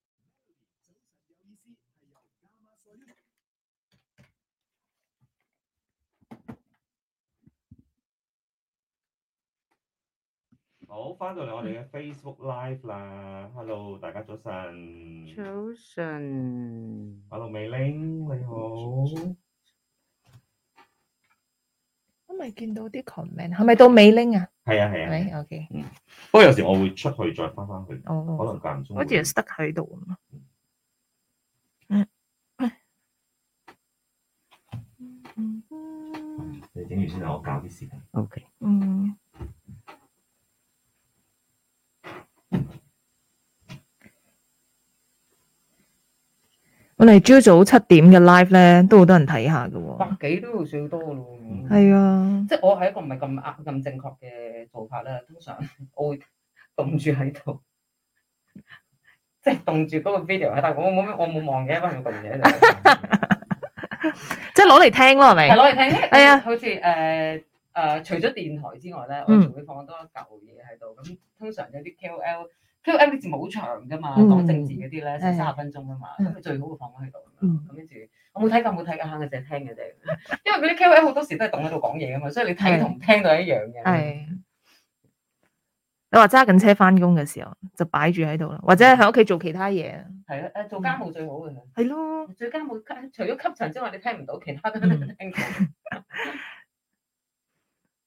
[SPEAKER 1] 好，翻到嚟我哋嘅 Facebook Live 啦，Hello，大家早晨。
[SPEAKER 2] 早晨。Hello，May Ling，
[SPEAKER 3] 你好。我未見到啲 comment，係咪到 May Ling 啊？係啊係啊。係 OK。
[SPEAKER 1] 不過有時我會出去再翻翻去，可能間唔中。我啲人
[SPEAKER 3] stick 喺度啊嘛。嗯。嗯。你整完
[SPEAKER 4] 先啊，我搞啲事。OK。
[SPEAKER 3] 嗯。我哋朝早七點嘅 live 咧，都好多人睇下㗎喎，百
[SPEAKER 2] 幾都算多咯。
[SPEAKER 3] 係啊，即
[SPEAKER 2] 係我係一個唔係咁啱咁正確嘅做法啦。通常我會
[SPEAKER 3] 凍住喺度，
[SPEAKER 2] 即係凍住嗰個 video 喺度。但係我冇咩，我冇望嘅，我係咪凍嘢？即係攞嚟聽咯，係咪？係攞嚟聽。係啊，好似誒。誒、呃，除咗電台之外咧，嗯、我仲會放多一嚿嘢喺度。咁通常有啲 KOL，KOL 啲字好長㗎嘛，嗯、講政治嗰啲咧，三十分鐘㗎嘛，咁佢、嗯、最好會放喺度。咁跟住我冇睇過，冇睇過，佢淨係聽嘅啫。因為嗰啲 KOL 好多時都係戙喺度講嘢啊嘛，所以你睇同聽到一樣嘅。係、
[SPEAKER 3] 嗯，你話揸緊車翻工嘅時候就擺住喺度啦，或者喺屋企做其他嘢啊。
[SPEAKER 2] 啊，誒做家務最好嘅。係咯、嗯，做家務除咗吸塵之外，你聽唔到其他都聽到。嗯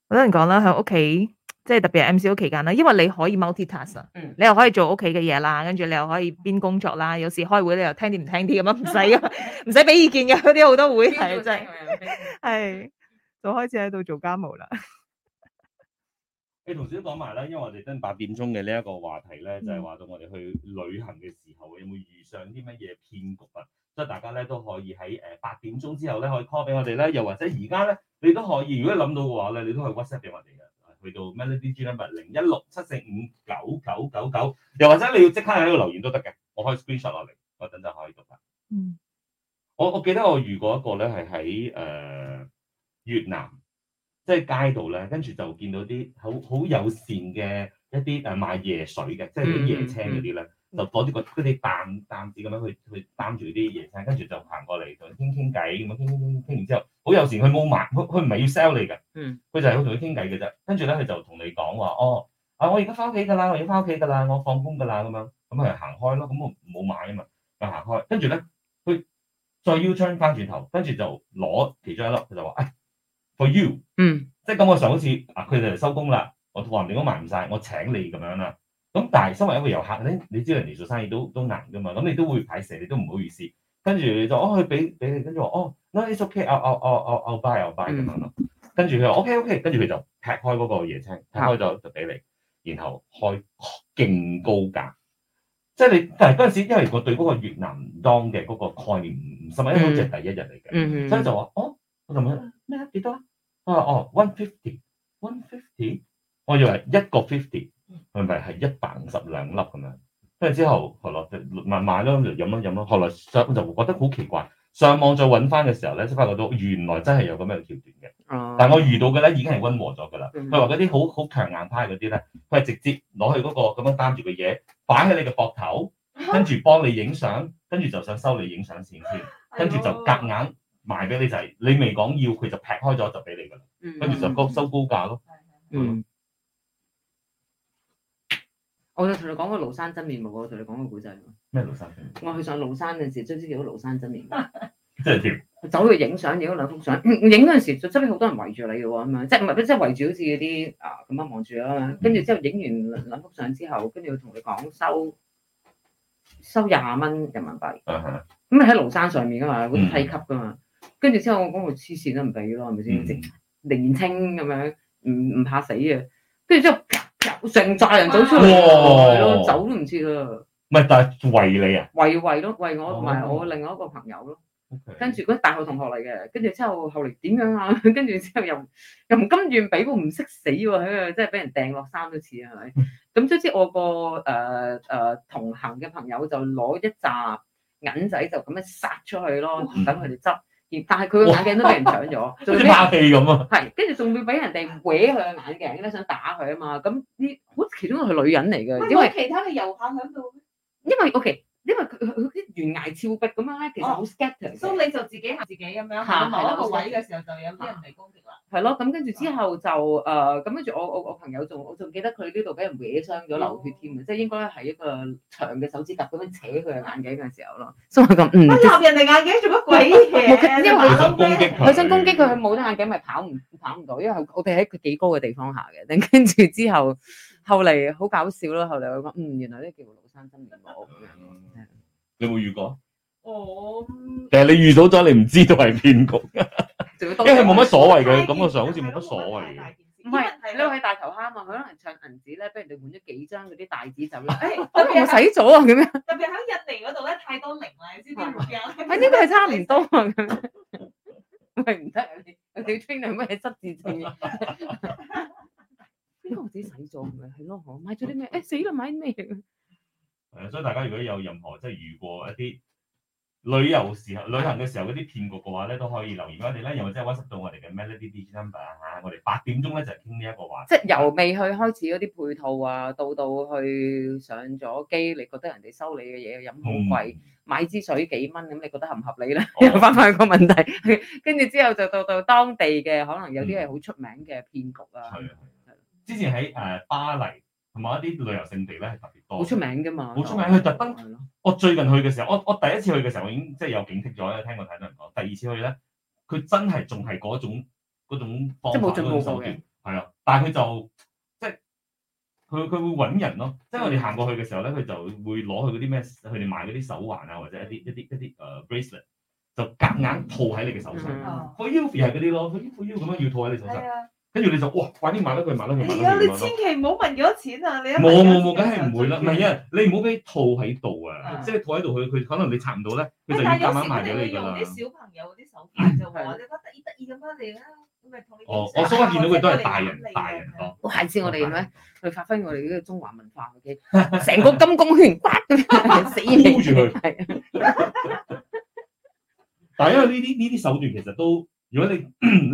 [SPEAKER 3] 好多人講啦，喺屋企即係特別係 MCO 期間啦，因為你可以 multi task 啊，ask, 你又可以做屋企嘅嘢啦，跟住你又可以邊工作啦，有時開會你又聽啲唔聽啲咁啊，唔使唔使俾意見嘅嗰啲好多會係真係，係都做 開始喺度做家務啦。你
[SPEAKER 1] 同時都講埋啦，因為我哋今八點鐘嘅呢一個話題咧，就係、是、話到我哋去旅行嘅時候，會唔會遇上啲乜嘢騙局啊？即係大家咧都可以喺誒八點鐘之後咧可以 call 俾我哋啦，又或者而家咧你都可以，如果諗到嘅話咧，你都可以 WhatsApp 俾我哋嘅，去到 Melody G Number 零一六七四五九九九九，又或者你要即刻喺度留言都得嘅，我可以 screen shot 落嚟，我等陣可以讀嘅。嗯，我我記得我遇過一個咧，係喺誒越南，即係街度咧，跟住就見到啲好好友善嘅一啲誒賣椰水嘅，即係啲椰青嗰啲咧。嗯嗯就攞啲個佢哋攤子咁樣去去擔住啲嘢晒，跟住就行過嚟同傾傾偈咁啊，傾傾傾傾完之後，好有時佢冇買，佢佢唔係要 sell 你㗎，嗯，佢就係好同佢傾偈嘅。啫。跟住咧，佢就同你講話，哦啊，我而家翻屋企㗎啦，我要翻屋企㗎啦，我放工㗎啦，咁樣咁佢就行開咯。咁我冇買啊嘛，就行開。跟住咧，佢再 U turn 翻轉頭，跟住就攞其中一粒，佢就話，哎，for you，嗯，即係咁嘅上好似啊，佢哋收工啦，我橫你都賣唔晒，我請你咁樣啦。咁但係身為一個遊客咧，你知道人哋做生意都都難噶嘛，咁你都會排蛇，你都唔好意思。跟住就哦，佢俾俾你，跟住我哦，呢、oh, 張、no, OK，哦哦哦哦 buy, buy 咁樣咯。跟住佢話 OK，OK，跟住佢就劈開嗰個椰青，劈開咗就俾你，嗯、然後開勁高價。即係你但係嗰陣時，因為我對嗰個越南盾嘅嗰個概念唔深，因為好似係第一日嚟嘅，嗯嗯、所以就話哦，我佢問咩啊？幾多啊？我話哦，one fifty，one fifty。150, 150? 150? 我以為一個 fifty。係咪係一百五十兩粒咁樣？跟住之後，後來慢慢買咯，嚟飲咯，飲咯。後來上我就覺得好奇怪，上網再揾翻嘅時候咧，即係發覺到原來真係有咁樣嘅橋段
[SPEAKER 4] 嘅。但係我
[SPEAKER 1] 遇到嘅咧已經係溫和咗㗎啦。佢話嗰啲好好強硬派嗰啲咧，佢係直接攞去嗰個咁樣擔住嘅嘢，擺喺你嘅膊頭，跟住幫你影相，跟住就想收你影相錢先，跟住就夾硬賣俾你就係。你未講要，佢就劈開咗就俾你㗎啦。
[SPEAKER 2] 跟住就高
[SPEAKER 1] 收高價咯。嗯。嗯嗯
[SPEAKER 2] 我就同你講個廬山真面目，我同你講個古仔。咩廬山真面目？我去上廬山嗰時，總之見到廬山真面目。真係知。 走去影相，影咗兩幅相。影嗰陣時，就真係好多人圍住你嘅喎，咁、啊、樣即係唔即係圍住好似嗰啲啊咁樣望住啦。跟住之後影完兩幅相之後，跟住要同你講收收廿蚊人民幣。咁你喺廬山上面噶嘛，好梯、嗯、級噶嘛。跟住之後我講部黐線都唔俾咯，係咪先？是是嗯、年輕咁樣，唔唔怕死嘅。跟住之後。成扎人走出嚟咯，oh, oh, oh, oh. 走都唔切啊！
[SPEAKER 1] 唔係，但係圍你啊？
[SPEAKER 2] 圍圍咯，圍我同埋、oh. 我另外一個朋友咯。Okay. 跟住嗰大學同學嚟嘅，跟住之後後嚟點樣啊？跟住之後又又唔甘願俾個唔識死喎，喺度即係俾人掟落山都似啊。係咪？咁即係我個誒誒同行嘅朋友就攞一扎銀仔就咁樣殺出去咯，等佢哋執。但係佢個眼鏡都俾人搶咗，仲要打氣咁啊？係，跟住仲要俾人哋搲佢個眼鏡咧，想打佢啊嘛！咁啲好其中個係女人嚟嘅，因為其
[SPEAKER 3] 他嘅遊客
[SPEAKER 2] 喺度， 因為 O K。 因為佢佢啲懸崖峭壁咁樣咧，其
[SPEAKER 3] 實好
[SPEAKER 2] scatter，哦、所以你就自己行自己咁樣，咁對某一個位嘅時候就有啲人嚟攻擊啦。係咯，咁跟住之後就誒，咁跟住我我我朋友仲我仲記得佢呢度俾人惹傷咗流血添啊，哦、即係應該係一個長嘅手指甲咁樣扯佢嘅眼鏡嘅時候咯。 所以咁，嗯，搵人哋眼鏡做乜鬼嘢？因為佢 他 攻擊佢，佢冇咗眼鏡咪跑唔跑唔到？因為我哋喺佢幾高嘅地方下嘅，但跟住之後後嚟好搞笑咯，後嚟我講嗯，原來呢叫廬山真面目。
[SPEAKER 1] 你有冇遇過？我，其實你遇到咗， 你唔知道係騙局，因為冇乜所謂嘅感覺上，好似冇乜所謂
[SPEAKER 2] 嘅。唔係，你話喺大頭蝦啊嘛，佢可能唱銀紙咧，畀人哋換咗幾張嗰啲大紙走啦。哎、欸啊，我洗咗啊，咁樣。特
[SPEAKER 3] 別喺印尼嗰度咧，太多零啦，你知唔知？唔係
[SPEAKER 2] 呢個係差唔多啊，咁 樣， 喂唔得啊，你小青你咩質子字嘅？呢 個我自己洗咗嘅、啊，係咯嗬，買咗啲咩？哎死啦，買咩？買
[SPEAKER 1] 所以大家如果有任何即係如果一啲旅遊時候，旅行嘅時候嗰啲騙局嘅話咧，都可以留言我哋咧，又或者 WhatsApp 到我哋嘅 melody number 啊，我哋八點鐘咧就係傾呢一個話題，即係
[SPEAKER 2] 由未去開始嗰啲配套啊，到到去上咗機，你覺得人哋收你嘅嘢飲好貴，貴，嗯、買支水幾蚊，咁你覺得合唔合理咧？哦、 又翻返個問題，跟 住之後就到到當地嘅，可能有啲係好出名嘅騙局啦，啊。係
[SPEAKER 1] 啊係，之前喺誒巴黎。同埋一啲旅遊勝地咧係特別多，好出
[SPEAKER 2] 名嘅嘛，好出名。佢特登，
[SPEAKER 1] 我最近去嘅時候，我我第一次去嘅時候我已經即係有警惕咗，聽過太多人講。第二次去咧，佢真係仲係嗰種嗰種方法、嗰種手段，係啊。但係佢就即係佢佢會揾人咯。即係我哋行過去嘅時候咧，佢就會攞佢嗰啲咩，佢哋賣嗰啲手環啊，或者一啲一啲一啲誒 bracelet，就夾硬套喺你嘅手上。佢 UFO 係嗰啲咯，佢 UFO 咁樣要套喺你手上。跟住你就哇，快啲買多佢，買多佢，買多佢，買,買,買,買，係啊，你千
[SPEAKER 3] 祈唔好問幾多錢啊！你冇冇
[SPEAKER 1] 冇，梗係唔會啦。萬一你唔好俾套喺度啊，即係套喺度，佢佢可能你拆唔到咧，佢就要夾硬賣俾你㗎啦。小朋友
[SPEAKER 3] 嗰啲手段就係的：你乜得意得意咁返嚟啦？咁咪
[SPEAKER 2] 同你哦，我疏忽見到佢都係大,、啊、大人，大人講。哇、啊！下次、啊、我哋咩？去哋 發揮我哋呢個中華文化嘅成、啊、個金公拳，咁、啊、樣死 住佢他。
[SPEAKER 4] 但係因為
[SPEAKER 1] 呢啲呢啲手段其實都。如果你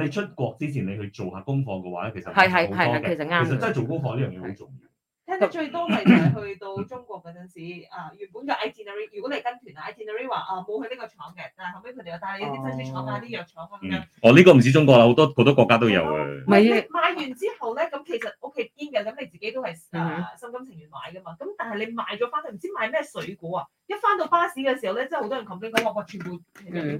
[SPEAKER 1] 你出國之前你去做下功課嘅話咧，其實係係係啦，其實啱。其實真係做功課呢樣嘢好重
[SPEAKER 3] 要。聽得最多係去到中國嗰陣時，啊原本嘅 itinerary 如果你跟團啊 itinerary 話啊冇去呢個廠嘅，但後尾佢哋又帶你一啲珍珠廠買啲藥廠
[SPEAKER 1] 咁樣。哦，呢個唔止中國啦，好多好多國家都有嘅。
[SPEAKER 3] 唔係啊，買完之後咧，咁其實屋企堅嘅，咁你自己都係啊心甘情願買嘅嘛。咁但係你買咗翻去，唔知買咩水果啊？一翻到
[SPEAKER 4] 巴士嘅時候咧，真係
[SPEAKER 2] 好多人冚聲我話，全部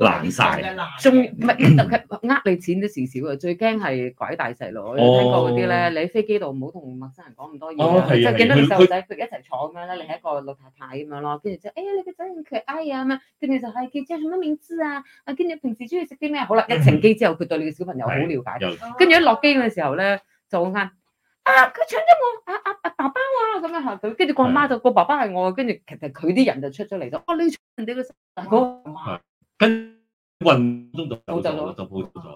[SPEAKER 2] 爛曬嘅，爛仲唔係？特佢呃你錢都事少啊，最驚係拐大細路。聽過嗰啲咧，你喺飛機度唔好同陌生人講咁多嘢，即係見到啲細路仔佢一齊坐咁樣咧，你係一個老太太咁樣咯。跟住之後，誒你嘅仔叫咩名啊？咁樣跟住就係叫做乜名字啊？啊，叫你平時中意食啲咩？好啦，一乘機之後，佢對你嘅小朋友好瞭解，跟住一落機嘅時候咧，就講翻。佢搶咗我阿阿阿爸爸喎，咁樣嚇佢，跟住個阿媽就個爸爸係我，跟住其實佢啲人就出咗嚟咗，哦，拎出人哋嘅嗰個，
[SPEAKER 4] 跟運
[SPEAKER 1] 中就就就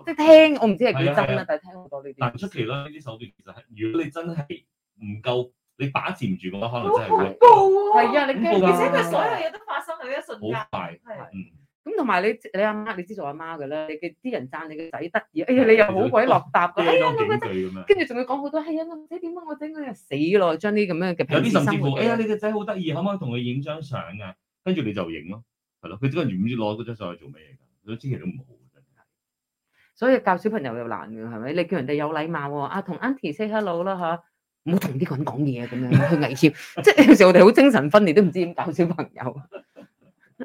[SPEAKER 1] 即係
[SPEAKER 2] 聽，我唔知係幾真啊，但係
[SPEAKER 4] 聽好多呢
[SPEAKER 1] 啲。但係出奇啦，呢啲手段其實係，如果你真係唔夠，你把持唔住嘅話，可能真係會。恐怖
[SPEAKER 2] 喎！係啊，你驚，而且佢所有嘢
[SPEAKER 3] 都發生喺一瞬
[SPEAKER 2] 好快，嗯。咁同埋你你阿媽，你，你知做阿媽嘅啦，你嘅啲人讚你個仔得意，哎呀你又好鬼落搭嘅，哎呀跟住仲要講好多，係、哎、呀，你點解我整啊，死咯！將啲咁樣嘅有啲甚至乎，哎呀你個仔好得意，可唔可以
[SPEAKER 1] 同佢影張相啊？跟住你就影咯，係咯，佢點解唔知攞嗰張相去做咩嘅？所以之前都
[SPEAKER 2] 唔好嘅。所以教小朋友又難嘅，係咪？你叫人哋有禮貌喎、哦，啊同 Auntie say hello 啦、啊、嚇，唔好同啲人講嘢咁樣，去危險。 即係有時我哋好精神分裂，都唔知點教小朋友。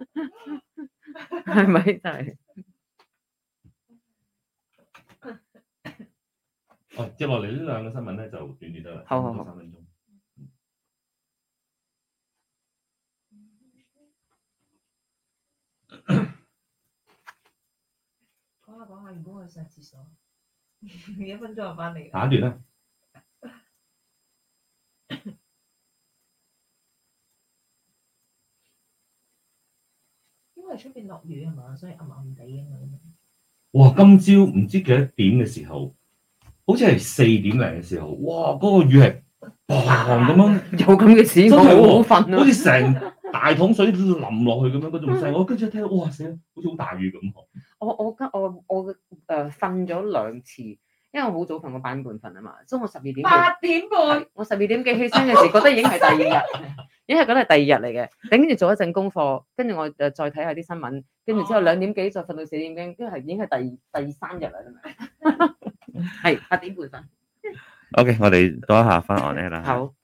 [SPEAKER 2] 係咪？但係
[SPEAKER 1] 哦，接落嚟呢兩個新聞咧就短短得啦，好，三分鐘。
[SPEAKER 3] 講下講下，原本去上廁所，一分鐘又翻嚟。打斷啦！喺出邊
[SPEAKER 1] 落雨啊嘛，所以暗暗地咁樣。哇！今朝唔知幾多點嘅時候，好似係四點零嘅時候，哇！嗰、嗰個雨係嘭咁樣，有咁嘅屎，真係好瞓啊！ 好似成大桶水淋落去咁樣，嗰種聲，我跟住一聽，哇！聲好似好大雨咁。我
[SPEAKER 2] 我我我誒瞓咗兩次，因為我好早瞓，我八點半瞓啊嘛，中午十二點八點半，我十二點幾起身嘅時，覺得已經係第二日。 因為嗰日係第二日嚟嘅，等住做一陣功課，跟住我誒再睇下啲新聞，跟住之後兩點幾再瞓到四點鐘，即係已經係第第三日啦，係八點半瞓。
[SPEAKER 1] O K，我哋多一下翻案先啦。好。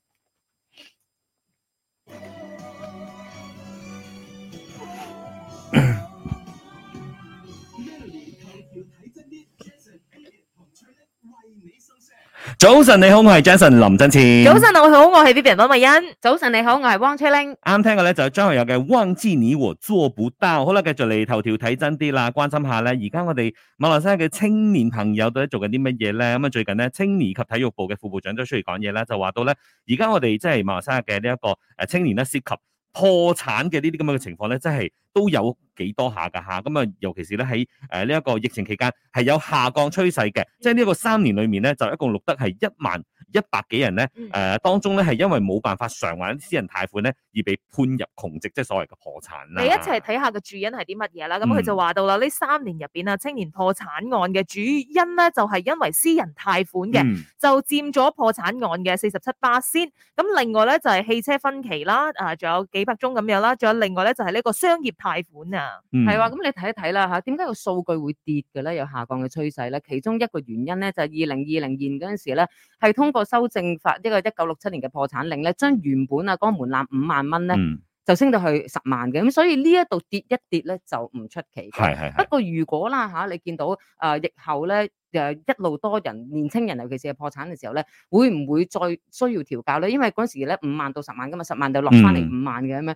[SPEAKER 1] 早晨，你好，我係 Jason 林振前。早晨，
[SPEAKER 2] 你好，我係 Vivian 林慧欣。早晨，你好，我係汪卓玲。
[SPEAKER 1] 啱聽嘅咧，就張學友嘅忘記你我做不到。好啦，繼續嚟頭條睇真啲啦，關心下咧，而家我哋馬來西亞嘅青年朋友到底做緊啲乜嘢咧？咁啊，最近咧青年及體育部嘅副部長都出嚟講嘢啦，就話到咧，而家我哋即係馬來西亞嘅呢一個誒青年咧涉及。破產嘅呢啲咁嘅情況呢，真係都有幾多下㗎嚇，尤其是咧喺呢個疫情期間係有下降趨勢嘅。即係呢個三年裏面呢，就一共錄得係一萬。一百幾人咧，誒、呃、當中咧係因為冇辦法償還私人貸款咧，而被判入窮籍，即係所謂嘅破產、啊嗯、啦。你一齊
[SPEAKER 3] 睇下個主因係啲乜嘢啦？咁佢就話到啦，呢三年入邊啊，青年破產案嘅主因咧就係、是、因為私人貸款嘅，嗯、就佔咗破產案嘅四十七巴仙。咁另外咧就係、是、汽車分期啦，啊，仲有幾百宗咁樣啦，仲有另外咧就係、是、呢個商業貸款啊，係話咁你睇一睇啦嚇。點解個數
[SPEAKER 2] 據會跌嘅咧？有下降嘅趨勢咧？其中一個原因咧就係二零二零年嗰陣時咧係通過。修正法呢、呢個一九六七年嘅破產令咧，將原本啊嗰門檻五萬蚊咧，嗯、就升到去十萬嘅，咁所以呢一度跌一跌咧就唔出奇。係係。不過如果啦嚇，你見到啊、呃、疫後咧。就一路多人年青人，尤其是係破產嘅時候咧，會唔會再需要調教咧？因為嗰時咧五萬到十萬噶嘛，十萬就落翻嚟五萬嘅咁樣。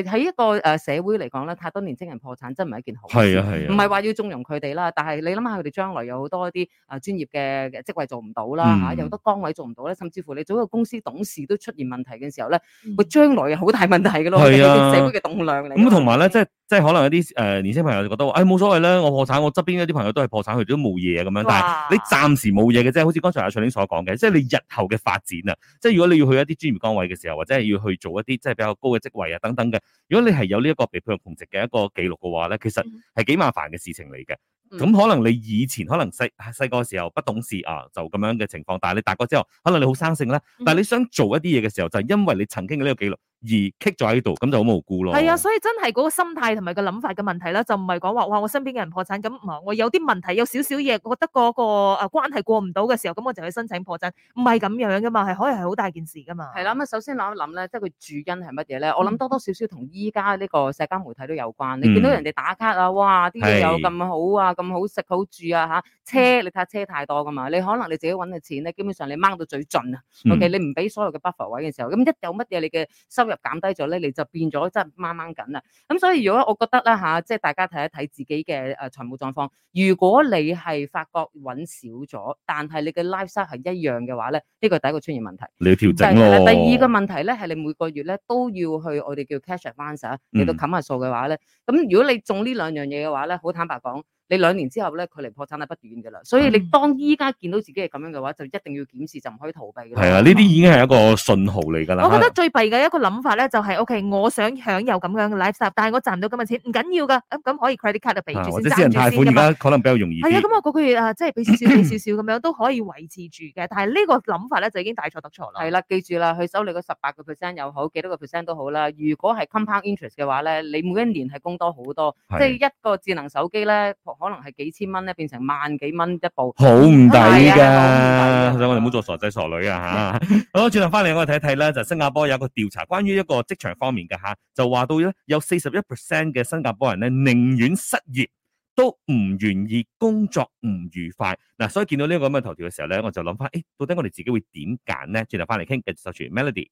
[SPEAKER 2] 誒喺一個誒社會嚟講咧，太多年青人破產真係唔係一件好事。係啊係啊，唔係話要縱容佢哋啦。但係你諗下佢哋將來有好多一啲誒專業嘅職位做唔到啦嚇，有好多崗位做唔到咧，甚至乎你做一個公司董事都出現問題嘅時候咧，會將來係好大問題㗎咯。係啊，社會嘅棟梁。咁
[SPEAKER 1] 同埋咧，即係即係可能有啲誒年青朋友就覺得話，誒冇所謂啦，我破產，我側邊嗰啲朋友都係破產，佢都冇嘢咁樣。啊、你暫時冇嘢嘅即係，好似剛才阿卓玲所講嘅，即係你日後嘅發展啊，即係如果你要去一啲專業崗位嘅時候，或者係要去做一啲即係比較高嘅職位啊等等嘅，如果你係有呢一個被僱用同籍嘅一個記錄嘅話咧，其實係幾麻煩嘅事情嚟嘅。咁、嗯、可能你以前可能細細個時候不懂事啊，就咁樣嘅情況。但係你大個之後，可能你好生性咧，但係你想做一啲嘢嘅時候，就係因為你曾經嘅呢個記錄。而卡咗喺度，咁就好無辜咯。係啊，
[SPEAKER 3] 所以真係嗰個心態同埋個諗法嘅問題啦，就唔係講話哇，我身邊嘅人破產，咁啊，我有啲問題，有少少嘢，我覺得嗰個啊關係過唔到嘅時候，咁我就去申請破產，唔係咁樣噶嘛，係可以係好大件事噶嘛。係啦，咁首先諗一諗咧，即係佢主因係乜嘢咧？我諗
[SPEAKER 2] 多多少少同依家呢個社交媒體都有關。你見到人哋打卡啊，哇，啲嘢有咁好啊，咁好食好住啊，吓車，你睇下車太多噶嘛，你可能你自己搵嘅錢咧，基本上你掹到最盡啊。OK，你唔俾所有嘅 buffer 位嘅時候，咁一有乜嘢你嘅收入減低咗咧，你就變咗真係掹掹緊啦。咁所以如果我覺得咧嚇，即、啊、係大家睇一睇自己嘅誒財務狀況。如果你係發覺揾少咗，但係你嘅 life 拉沙係一樣嘅話咧，呢個第一個出現問題，
[SPEAKER 1] 你要第二個
[SPEAKER 2] 問題咧係你每個月咧都要去我哋叫 cash advance 啊，去到冚下數嘅話咧，咁如果你中呢兩樣嘢嘅話咧，好坦白講。你兩年之後咧，距離破產係不遠㗎啦。所以你當依家見到自己係咁樣嘅話，就一定要檢視，
[SPEAKER 3] 就唔可以逃避。係啊的，呢啲、嗯、
[SPEAKER 1] 已經係一個信號嚟㗎啦。我覺得
[SPEAKER 3] 最弊嘅一個諗法咧、就是，就係 O.K. 我想享有咁樣嘅 life style 但係我賺唔到今日錢，唔緊要㗎。咁可以 credit card 就備住先賺住先㗎嘛？
[SPEAKER 1] 可能比較容易係啊。咁
[SPEAKER 3] 我個個月啊，即係俾少少俾少少咁樣 都可以維持住嘅。但係呢個諗法咧就已經大錯特錯啦。係啦，記住啦，佢收你個十八個 percent 又好，幾多個 percent 都好啦。如
[SPEAKER 2] 果係 compound interest 嘅話咧，你每一年係供多好多，的即係一個智能手機咧。可能係幾千蚊咧，變成萬幾蚊一部，好唔抵噶，
[SPEAKER 1] 所以我哋唔好做傻仔傻女啊吓！好，轉頭翻嚟我哋睇一睇啦，就新加坡有個調查，關於一個職場方面嘅吓，就話到咧有四十一 percent 嘅新加坡人咧寧願失業，都唔願意工作唔愉快。嗱，所以見到呢個咁嘅頭條嘅時候咧，我就諗翻，誒，到底我哋自己會點揀咧？轉頭翻嚟傾，繼續收睇 Melody，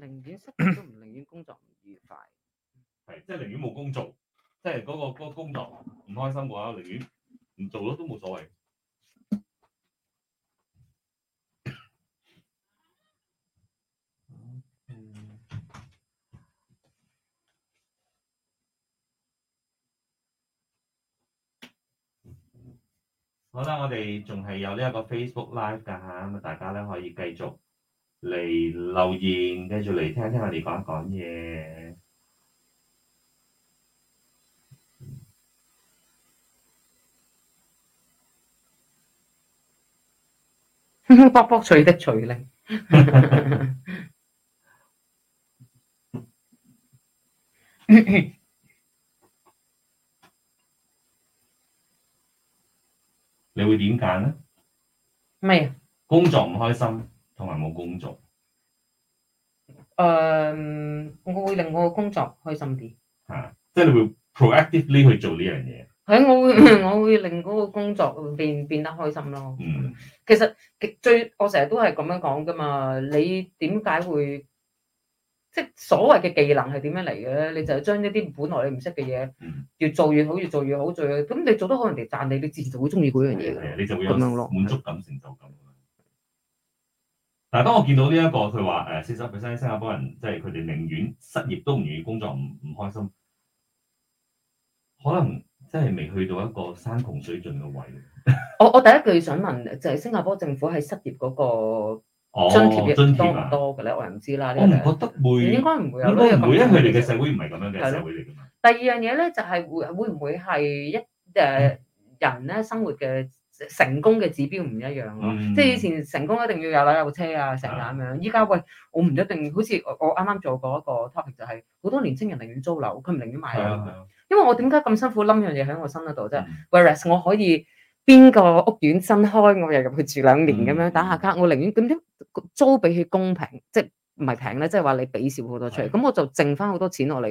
[SPEAKER 1] 寧願失業都唔寧願工作。
[SPEAKER 2] 係，
[SPEAKER 1] 即係寧願冇工做，即係嗰個嗰個工作唔開心嘅話，寧願唔做咯，都冇所謂。好啦，我哋仲係有呢一個 Facebook Live 㗎嚇，咁啊大家咧可以繼續嚟留言，繼續嚟聽聽我哋講一講嘢。
[SPEAKER 2] 卜卜脆的脆咧，
[SPEAKER 1] 你會點揀
[SPEAKER 2] 咧？咩？
[SPEAKER 1] 工作唔開心，同埋冇工作。誒，
[SPEAKER 2] 我會令我嘅工作開心啲。吓，
[SPEAKER 1] 即係你會 proactively 去做呢樣嘢。
[SPEAKER 2] 係，我會我會令嗰個工作變變得開心咯。嗯，其實最我成日都係咁樣講㗎嘛。你點解會即係所謂嘅技能係點樣嚟嘅咧？你就將一啲本來你唔識嘅嘢，越做越好，越做越好，做咁你做得好，人哋讚你，你自然就會中意嗰樣嘢嘅。你就會有滿足
[SPEAKER 1] 感、成就感。但係當我見到呢一個佢話誒，四十 percent 新加坡人即係佢哋寧願失業都唔願意工作，唔唔開心，可能。真係未去到一個山窮水盡
[SPEAKER 2] 嘅位。我我第一句想問就係新加坡政府喺失業嗰個津貼多唔多嘅咧？我係唔知啦。我唔覺得會，應該唔會有。應該每一佢哋嘅社會唔係咁樣嘅社會嚟嘅嘛。第二樣嘢咧就係會會唔會係一誒人咧生活嘅成功嘅指標唔一樣咯？即係以前成功一定要有樓有車啊，成咁樣，依家喂，我唔一定。好似我我啱啱做過一個 topic 就係好多年青人寧願租樓，佢唔寧願買樓。因為我點解咁辛苦冧樣嘢喺我身嗰度啫？Whereas 我可以邊個屋苑新開，我又入去住兩年咁樣打下卡，我寧願點都租俾佢公平，即係唔係平咧？即係話你俾少好多出嚟，咁我就剩翻好多錢落嚟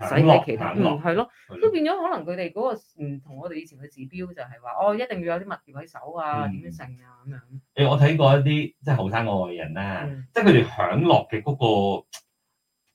[SPEAKER 2] 使你其他。嗯，係咯，都變咗可能佢哋嗰個唔同我哋以前嘅指標就係話，哦一定要有啲物業喺手啊，點樣剩啊咁樣。
[SPEAKER 1] 誒，我睇過一啲即係後生嘅外人啦，即係佢哋享樂嘅嗰個。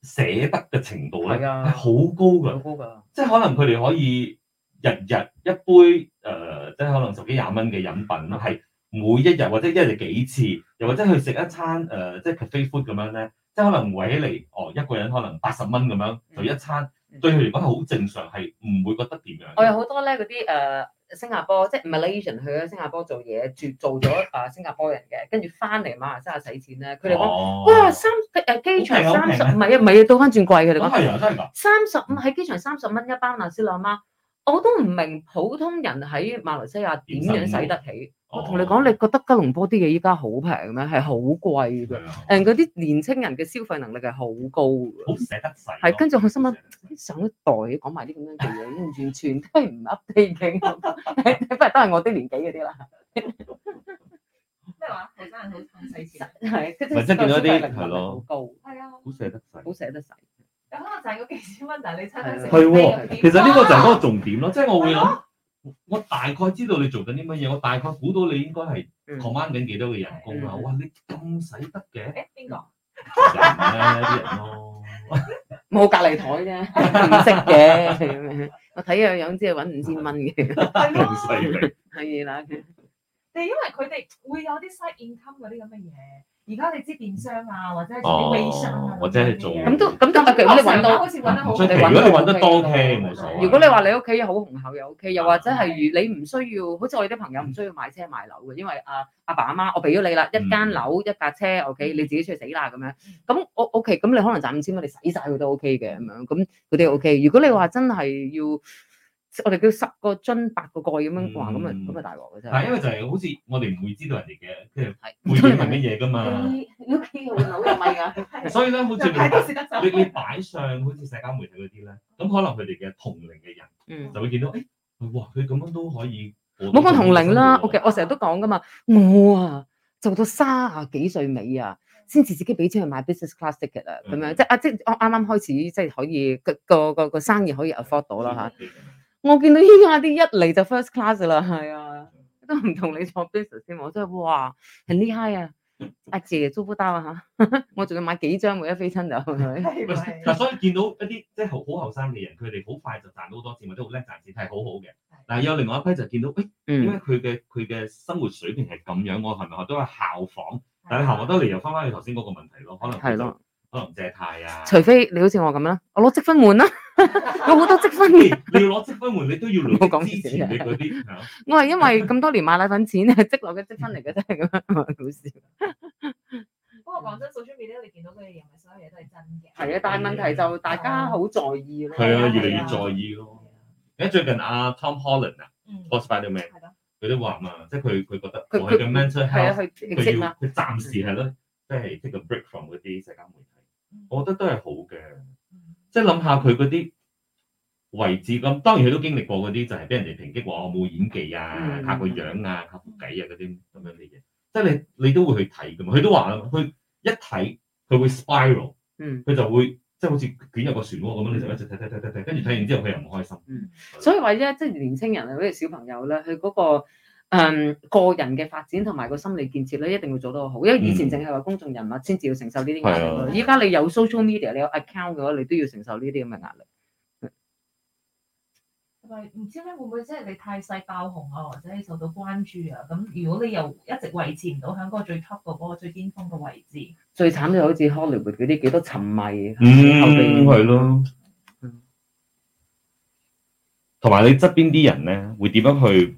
[SPEAKER 1] 捨得嘅程度咧，係好、
[SPEAKER 4] 啊、高噶，高噶
[SPEAKER 1] 即係可能佢哋可以日日一杯，誒、呃，即係可能十幾廿蚊嘅飲品，係每一日或者一日幾次，又或者去食一餐，誒、呃，即係 cafe food 咁樣咧，即係可能圍起嚟，哦，一個人可能八十蚊咁樣，就、嗯、一餐，嗯、對佢嚟講係好正常，係唔會覺得點樣。我有
[SPEAKER 2] 好多咧，嗰啲誒。呃新加坡即係 Malaysia 去咗新加坡做嘢，做做咗啊新加坡人嘅，跟住翻嚟馬來西亞使錢咧，佢哋講哇三誒機場三十，唔係啊唔係啊，倒翻轉貴，佢哋講三十五喺機場三十蚊一包那斯洛嗎？我都唔明普通人喺馬來西亞點樣使得起。我同你講，你覺得吉隆坡啲嘢依家好平咩？係好貴㗎。誒，嗰啲年青人嘅消費能力係好高，好捨得使。係，跟住我心諗，上一代講埋啲咁樣嘅嘢，完全都係唔 update 係，不係都係我啲年紀嗰啲啦。即係話，真係好使錢，係。雲吞見到
[SPEAKER 3] 啲係咯，係啊，
[SPEAKER 2] 好捨得使，
[SPEAKER 3] 好捨得使。有可能就係嗰幾千蚊，但係你親身係喎。其實呢個就
[SPEAKER 1] 係嗰個重點咯，即係我會諗。我大概知道你做緊啲乜嘢，我大概估到你應該係傍晚領幾多嘅人工啊！
[SPEAKER 2] 嗯、哇，你咁使得嘅？誒誰，
[SPEAKER 4] 邊個、啊？啲人咯，
[SPEAKER 2] 冇隔離台啫，唔識嘅，我睇佢樣知係搵五千蚊嘅，咁犀利，係啦，
[SPEAKER 3] 就 了因為佢哋會有啲 side income 嗰啲咁嘅嘢。而家你知電商啊，或者做啲微商啊，哦、或者係做咁都咁都，都嗯、我哋揾多 K，唔需要。如果你揾
[SPEAKER 2] 得多，O K，冇所謂。如果你話你屋企好雄厚又 O、OK, K，、嗯、又或者係如你唔需要，好似我哋啲朋友唔需要買車買樓嘅，因為啊阿爸阿媽，我俾咗你啦，一間樓一架車 O、OK, K，你自己出去死啦咁樣。咁我 O K，咁你可能賺五千蚊，你使晒佢都 O K 嘅咁樣。咁嗰啲 O K。如果你話真係要，我哋叫十個樽八個蓋咁、嗯、樣，哇！咁啊，咁啊大鑊嘅啫。但係因為就係好似我哋唔會知道人哋
[SPEAKER 1] 嘅，即係冇知係乜嘢㗎嘛。你屋企個
[SPEAKER 4] 老爺咪㗎，所以
[SPEAKER 1] 咧，好似 你你擺上好似社交媒體嗰啲咧，咁可能佢哋嘅同齡嘅人就會見到，誒、嗯哎、哇！佢咁樣都可以冇講同齡啦。
[SPEAKER 2] OK，我成日都講㗎嘛，我啊做到卅幾歲尾啊，先至自己俾錢去買 business class ticket 啊，咁樣即係啊，即係我啱啱開始即係可以個個個，個生意可以 afford 到啦嚇。啊我見到依家啲一嚟就 first class 啦，係啊，都唔同你坐 business 先，我真係哇，很厲害啊！阿、啊、姐做唔到啊，呵呵我仲要買幾張，每一飛親就。嗱，是是所
[SPEAKER 1] 以見到一啲即係好好後生嘅人，佢哋好快就賺到好多錢，或者好叻賺錢，係好好嘅。嗱，有另外一批就見到，喂、哎，點解佢嘅佢嘅生活水平係咁樣？我係咪都係效仿？但係效仿得嚟又返返去頭先嗰個問題
[SPEAKER 2] 咯，可能係咯。
[SPEAKER 1] 可能借貸
[SPEAKER 2] 啊！除非你好似我咁啦，我攞積分換啦，有好多積分嘅。你
[SPEAKER 1] 要攞積分換，你都要亂講之前你嗰啲，
[SPEAKER 2] 我係因為咁多年買奶粉錢，積落嘅積分嚟嘅，真係咁樣好笑，不過
[SPEAKER 3] 講真，做出面咧，你見到佢嘅嘢，
[SPEAKER 2] 所有嘢都係真嘅。係啊，但係問題就大
[SPEAKER 1] 家好在意咯。係啊，越嚟越在意咯。你睇最近阿 Tom Holland，嗯，Spider-Man，佢都話嘛，即係佢佢覺得佢佢佢要佢暫時係咯，即係即係 break from 嗰啲社交媒體。 我覺得都係好嘅，即係諗下佢嗰啲位置咁，當然佢都經歷過嗰啲就係俾人哋抨擊話我冇演技啊，拍個樣啊，拍個計啊嗰啲咁樣嘅嘢，即係、就是、你你都會去睇㗎嘛，佢都話佢一睇佢會 spiral，佢就會即係、就是、好似捲入個漩渦咁，你、嗯、就一直睇睇睇睇睇，跟住睇完之後佢又唔開心，嗯、
[SPEAKER 2] 所以話咧即係年青人啊，好似小朋友咧，佢嗰、那個。嗯，um, 個人嘅發展同埋個心理建設咧，一定要做得好。因為以前淨係話公眾人物先至要承受呢啲壓力咯。依家、嗯、你有 social media，你有 account 嘅話，你都要承受呢啲咁嘅壓力。
[SPEAKER 3] 唔知咧？會唔會即係你太細爆紅啊，或者你受到關注啊？咁如果你又一直維持唔到喺嗰個最 top 嘅嗰個最巔峰嘅位置，
[SPEAKER 2] 最慘就好似 Hollywood 嗰啲幾多沉迷後備員係
[SPEAKER 1] 咯。同埋你側邊啲人咧，會點樣去？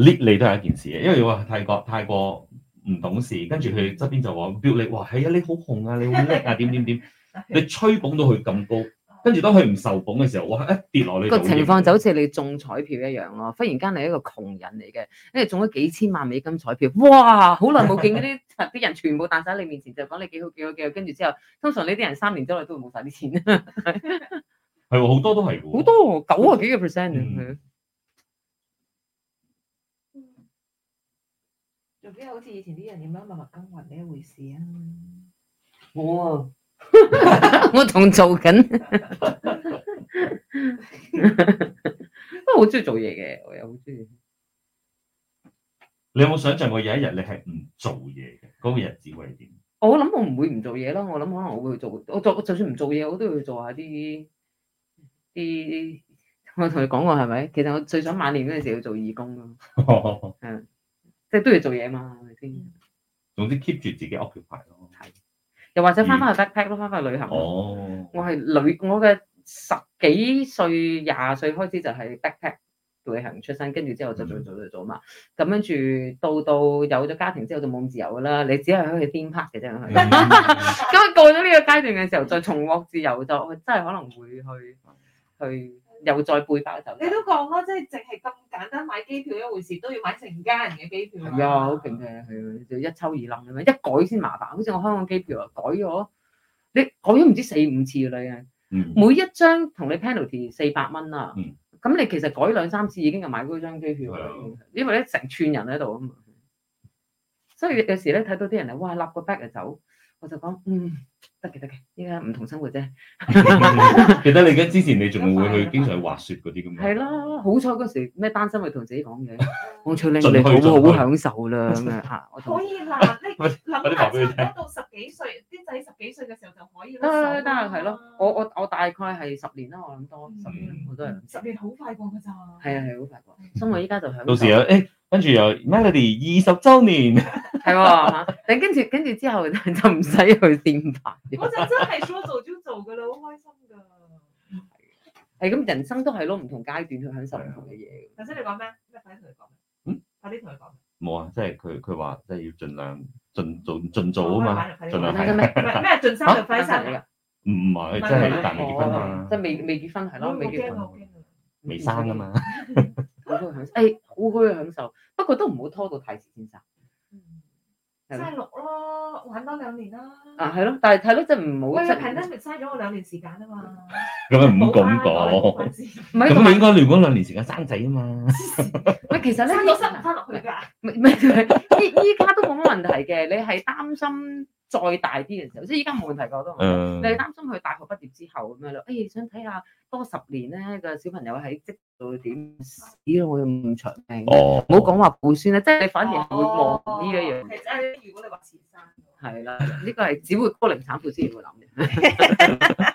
[SPEAKER 1] l 你都係一件事嘅，因為我泰國太過唔懂事，跟住佢側邊就話標你，哇係啊、哎，你好紅啊，你好叻啊，點點點， 你吹捧到佢咁高，跟住當佢唔受捧
[SPEAKER 2] 嘅時候，哇一跌落嚟。個情況就好似你中彩票一樣咯，忽然間你一個窮人嚟嘅，因為中咗幾千萬美金彩票，哇！好耐冇見嗰啲啲人全部彈晒喺你面前，就講你幾好幾好幾好，跟住之後，通常呢啲人三年之內都會冇晒啲錢。係喎，好多都係喎。好多九十幾個 percent
[SPEAKER 3] 好似以前啲
[SPEAKER 2] 人點樣默默耕耘呢回事啊？我啊， 我仲做緊，都好中意做嘢嘅，我又好中意。
[SPEAKER 1] 你有冇想象過有一日你係唔做嘢嘅？嗰、那個日子會係點？
[SPEAKER 2] 我諗我唔會唔做嘢咯，我諗可能我會去做，我做就算唔做嘢，我都要做下啲啲。我同你講過係咪？其實我最想晚年嗰陣時要做義工咯。嗯。 即係都要做嘢嘛，係咪先？
[SPEAKER 1] 總之 keep 住自己屋企排咯，
[SPEAKER 2] 又或者翻返去 backpack 咯，翻返去旅行。哦、我係旅，我嘅十幾歲、廿歲開始就係 backpack 旅行出身，跟住之後就做做做做啊嘛。咁跟住到到有咗家庭之後就冇咁自由啦。你只係可以 theme park 嘅啫。咁、嗯、 過咗呢個階段嘅時候，再重獲自由就我真係可能會去去。又再背包走，你都
[SPEAKER 3] 講啦，即係淨係咁簡單買機票一回事，
[SPEAKER 2] 都要買成家人嘅機票。係啊，好勁嘅，係就一抽二冧咁樣，一改先麻煩。好似我香港機票啊，改咗，你改咗唔知四五次啦。嗯，每一張同你 penalty 四百蚊啦。嗯，咁你其實改兩三次已經係買嗰張機票，因為咧成串人喺度啊嘛。所以有時咧睇到啲人啊，哇，揦個 bag 就走，我就講嗯。得嘅，得嘅，依家唔同生活啫。 記得你而家之前你
[SPEAKER 1] 仲會去經常去滑雪嗰啲咁樣？
[SPEAKER 2] 係啦，好彩嗰時咩單身咪同自己講嘅， 我最你好好享受啦咁樣吓。 啊、我可以嗱，你諗下，
[SPEAKER 3] 如果 到十幾歲，啲仔十幾歲嘅時候就可以啦，得係
[SPEAKER 2] 咯。我我我大概係十年啦，我諗多，嗯、十年好多人。十年
[SPEAKER 3] 好快過噶咋？
[SPEAKER 2] 係啊係，好快過。生活依家就響。到時有，
[SPEAKER 4] 誒、
[SPEAKER 1] 欸，跟住又 Melody 二十周年，
[SPEAKER 2] 係喎 周。你、 啊、跟住跟住之後就唔使去電嗰
[SPEAKER 3] 陣真係說做就
[SPEAKER 2] 做㗎啦，好開心㗎。係咁，人生都係咯，唔同階段去享受唔同嘅嘢。頭先
[SPEAKER 3] 你講咩？唔快啲同佢講。嗯，
[SPEAKER 1] 快啲同佢講。冇啊，即係佢佢話，即係要盡量盡盡盡早啊嘛，盡量係。唔咩？咩？盡
[SPEAKER 2] 生就快啲生
[SPEAKER 1] 嚟㗎。唔係，即係未結婚啊。即
[SPEAKER 2] 係未未結婚係咯，未結婚，
[SPEAKER 1] 未生啊嘛。好
[SPEAKER 2] 好嘅享受，哎，好好去享受。不過都唔好拖到太遲先生。嘥六咯，玩多兩年啦。啊，係咯，但係係咯，即係唔好。我係其實
[SPEAKER 3] 嘥
[SPEAKER 1] 咗我兩年時間啊是嘛。咁又唔好咁講。唔係咁，你應該利用兩年時間生仔啊嘛。
[SPEAKER 3] 咪其實咧，生落生唔
[SPEAKER 2] 翻落去噶。咪咪依依家都冇乜問題嘅，你係擔心再大啲嘅時候，即係依家冇問題噶都。得嗯。你係擔心佢大學畢業之後咁樣咧，誒、哎，想睇下。多十年咧，個小朋友係直到點死咯，會咁長命。唔好講話抱孫咧，即係你反而會望呢一樣。其實如果你話前
[SPEAKER 3] 生，
[SPEAKER 2] 係啦，呢個係只會高齡產婦先會諗
[SPEAKER 1] 嘅。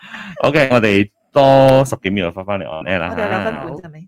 [SPEAKER 1] OK，我哋多十幾秒就翻返嚟 online 啦。我哋有兩分半啫，
[SPEAKER 3] 係咪？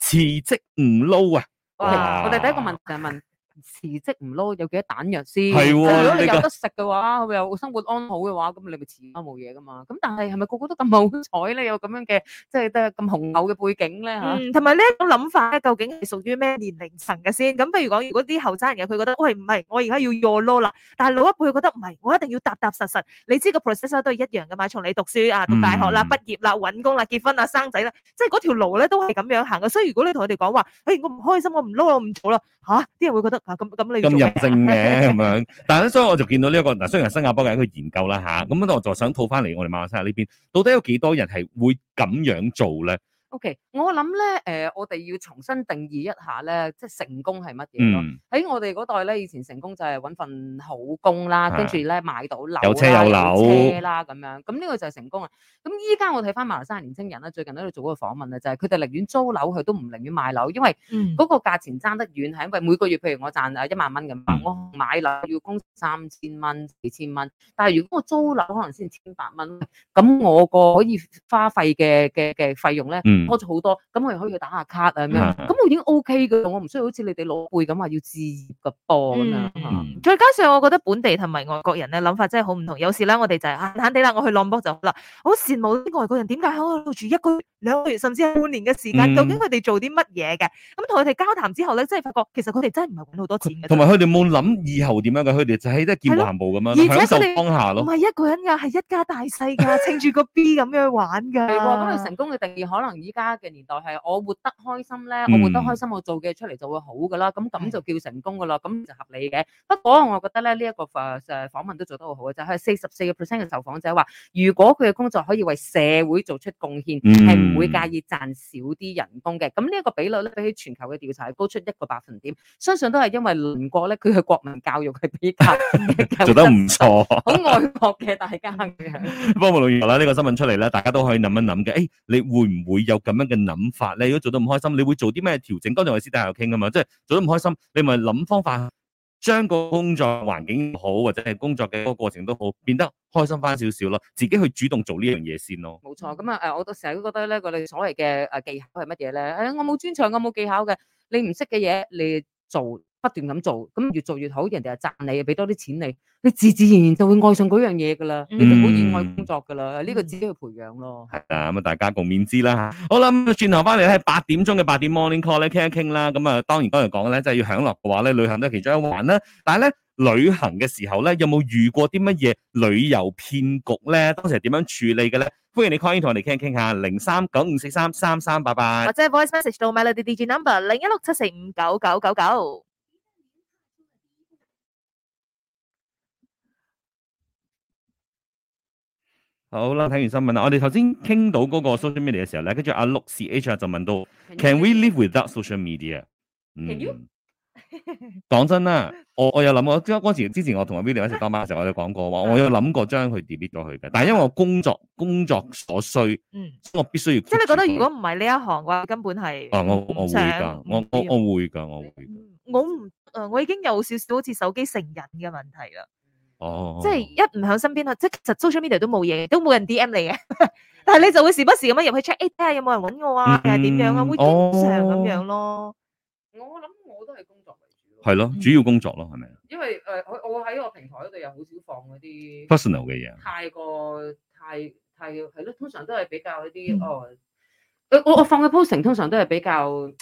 [SPEAKER 1] 辭職唔撈啊！哇，我哋第一
[SPEAKER 2] 個問就係問。 辭職唔撈，有幾多彈藥先？係喎，如果你有得食嘅話，又生活安好嘅話，咁你咪辭啦，冇嘢噶嘛。咁但係係咪個個都咁好彩咧？有咁樣嘅，
[SPEAKER 3] 即係都係咁雄厚嘅背景咧嚇。嗯，同埋呢一種諗法咧，究竟係屬於咩年齡層嘅先？咁譬如講，如果啲後生人嘅佢覺得，喂唔係，我而家要撈啦，但係老一輩佢覺得唔係，我一定要踏踏實實。你知個 process 咧都係一樣嘅嘛，從你讀書啊，讀大學啦、畢業啦、揾工啦、結婚啦、生仔啦，即係嗰條路咧都係咁樣行嘅。所以如果你同佢哋講話，誒我唔開心，我唔撈，我唔做啦，嚇啲人會覺得。咁咁你咁任性嘅咁
[SPEAKER 1] 樣， 但係咧，所以我就見到呢、這、一個嗱，雖然係新加坡嘅一個研究啦吓，咁、啊、我就想套翻嚟我哋馬來西亞呢邊，到底有幾多人係會咁樣做咧？
[SPEAKER 2] O.K.，我諗咧，誒、呃，我哋要重新定義一下咧，即係成功係乜嘢咯？喺、嗯欸、我哋嗰代咧，以前成功就係搵份好工啦，跟住咧買到樓，有車有樓啦咁樣，咁、嗯、呢、嗯這個就係成功啦。咁依家我睇翻馬來西亞嘅年青人咧，最近喺度做嗰個訪問咧，就係佢哋寧願租樓，佢都唔寧願買樓，因為嗰個價錢爭得遠，係因為每個月，譬如我賺誒一萬蚊嘅嘛，我、嗯嗯、買樓要供三千蚊、四千蚊，但係如果我租樓，可能先千八蚊，咁我個可以花費嘅嘅嘅費用咧。嗯多咗好多，咁我又可以去打下卡。a 咁樣，咁的我已經 OK 噶啦，我唔需要好似你哋
[SPEAKER 3] 老輩咁話要置業嘅幫。再加上我覺得本地同埋外國人咧，諗法真係好唔同，有時咧我哋就係閒閒哋啦，我去浪波就好啦。好羨慕啲外國人，點解喺度住一個兩個月甚至係半年嘅時間，究竟佢哋做啲乜嘢嘅？咁同佢哋交談之後咧，真係發覺其實佢哋真係唔係揾好多錢嘅。同埋
[SPEAKER 1] 佢哋冇諗以後點樣嘅，佢哋就見步行步咁樣的而且享受
[SPEAKER 3] 當下咯。唔係一個人㗎，係一家大細㗎，撐住個 B 咁 樣玩㗎。你話咁佢成
[SPEAKER 2] 功嘅定義可能依家嘅年代係我活得開心咧，我活得開心，我做嘅出嚟就會好㗎喇，咁咁就叫成功㗎喇，咁就合理嘅。不過我覺得咧，呢一個誒訪問都做得好好嘅，就係四十四個 percent 嘅受訪者話，如果佢嘅工作可以為社會做出貢獻，係唔會介意賺少啲人工嘅。咁呢一個比率咧，比起全球嘅調查係高出一個百分點，相信都係因為鄰國咧，佢嘅國民教育係比較做得唔
[SPEAKER 1] 錯，好
[SPEAKER 2] 愛國嘅大家嘅。
[SPEAKER 1] 幫我錄完啦，呢個新聞出嚟咧，大家都可以諗一諗嘅。誒，你會唔會有？咁樣嘅諗法咧，如果做得唔開心，你會做啲咩調整？剛才我哋私底下有傾噶嘛，即係做得唔開心，你咪諗方法將個工作環境好，或者係工作嘅一個過程都好，變得開心翻少少咯，自己去主動做呢樣嘢先咯。
[SPEAKER 2] 冇錯，咁啊誒，我成日都覺得咧，我哋所謂嘅誒技巧係乜嘢咧？誒，我冇專長，我冇技巧嘅，你唔識嘅嘢你做，不斷咁做，咁越做越好，人哋就讚你，俾多啲錢你。你自自然然就會愛上嗰樣嘢噶啦，你就好意外工作噶啦。嗯，呢個自己去培養咯。
[SPEAKER 1] 係啦，咁啊大家共勉之啦嚇。好啦，咁轉頭翻嚟喺八點鐘嘅八點 morning call 咧，傾一傾啦。咁啊，當然當然講咧，就係要享樂嘅話咧，旅行都係其中一環啦。但係咧，旅行嘅時候咧，有冇遇過啲乜嘢旅遊騙局咧？當時係點樣處理嘅咧？歡迎你 call 同我哋傾一傾嚇，零三九五四三三三八八，或
[SPEAKER 3] 者 voice message 到我 DJ number 零一六七四五九九九九。
[SPEAKER 1] 好啦，睇完新聞啦。我哋頭先傾到嗰個 social media 嘅時候咧，跟住阿六 u h 就問到 Can, you?：Can we live without social media？嗯，講 Can you? 真啦，我我有諗過，即係嗰時之前我同阿 William 一齊當媽嘅時候，我哋講過話，我有諗過將佢 delete 咗佢嘅。但係因為我工作工作所需，嗯， 我必須要、
[SPEAKER 3] 嗯。即係你覺得如果唔係呢一行嘅話，根本係啊，我
[SPEAKER 1] 我會㗎，我我我會㗎，我會。
[SPEAKER 3] 我唔，誒，我已經有少少好似手機成癮嘅問題啦。哦，即係一唔喺身邊啊，即係其實 social media 都冇嘢，都冇人 DM 你嘅，但係你就會時不時咁樣入去 check，哎，睇下有冇人搵我啊，定係點樣啊？會經常咁樣咯。我諗我都係工作
[SPEAKER 2] 為
[SPEAKER 1] 主，係咯，主要工作咯，係咪？因為誒，
[SPEAKER 2] 我我喺個平台嗰度又好少放嗰啲
[SPEAKER 1] personal 嘅嘢，
[SPEAKER 2] 太過太太係咯，通常都係比較一啲哦，我我我放嘅 posting 通常都係比較。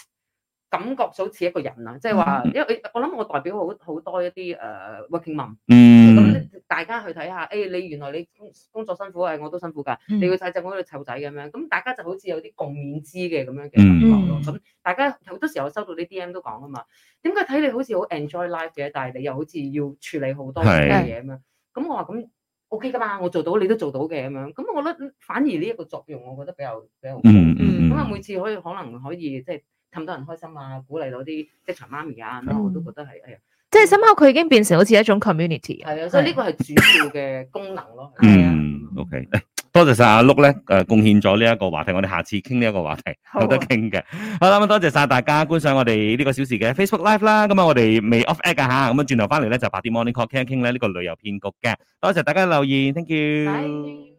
[SPEAKER 2] 感覺就好似一個人啊，即係話，因為我諗我代表好好多一啲誒、uh, working mom
[SPEAKER 4] 咁
[SPEAKER 2] 大家去睇下，誒、哎、你原來你工作辛苦，誒我都辛苦㗎。Mm hmm. 你去睇政府喺度湊仔咁樣，咁大家就好似有啲共勉之嘅咁樣嘅咁、mm hmm. 大家好多時候收到啲 D M 都講啊嘛，點解睇你好似好 enjoy life 嘅，但係你又好似要處理好多嘢咁樣？咁、mm hmm. 我話咁 OK 㗎嘛，我做到你都做到嘅咁樣。咁我覺得反而呢一個作用，我覺得比較比較，咁啊，每次可以可能可以即係。氹到人開
[SPEAKER 3] 心啊，鼓勵到啲職場媽咪啊，咁我都覺得係，哎呀，即係深刻佢已經變成好似一種 community。係啊，所以
[SPEAKER 2] 呢個係
[SPEAKER 1] 主要嘅功能咯。嗯，OK，多謝晒阿碌咧，誒貢獻咗呢一個話題，我哋下次傾呢一個話題有得傾嘅。好啦，咁多謝晒大家觀賞我哋呢個小時嘅 Facebook Live 啦，咁啊我哋未 off air 啊吓，咁啊轉頭翻嚟咧就八點 morning call，傾一傾咧呢個旅遊騙局嘅。多謝大家留言，Thank
[SPEAKER 4] you。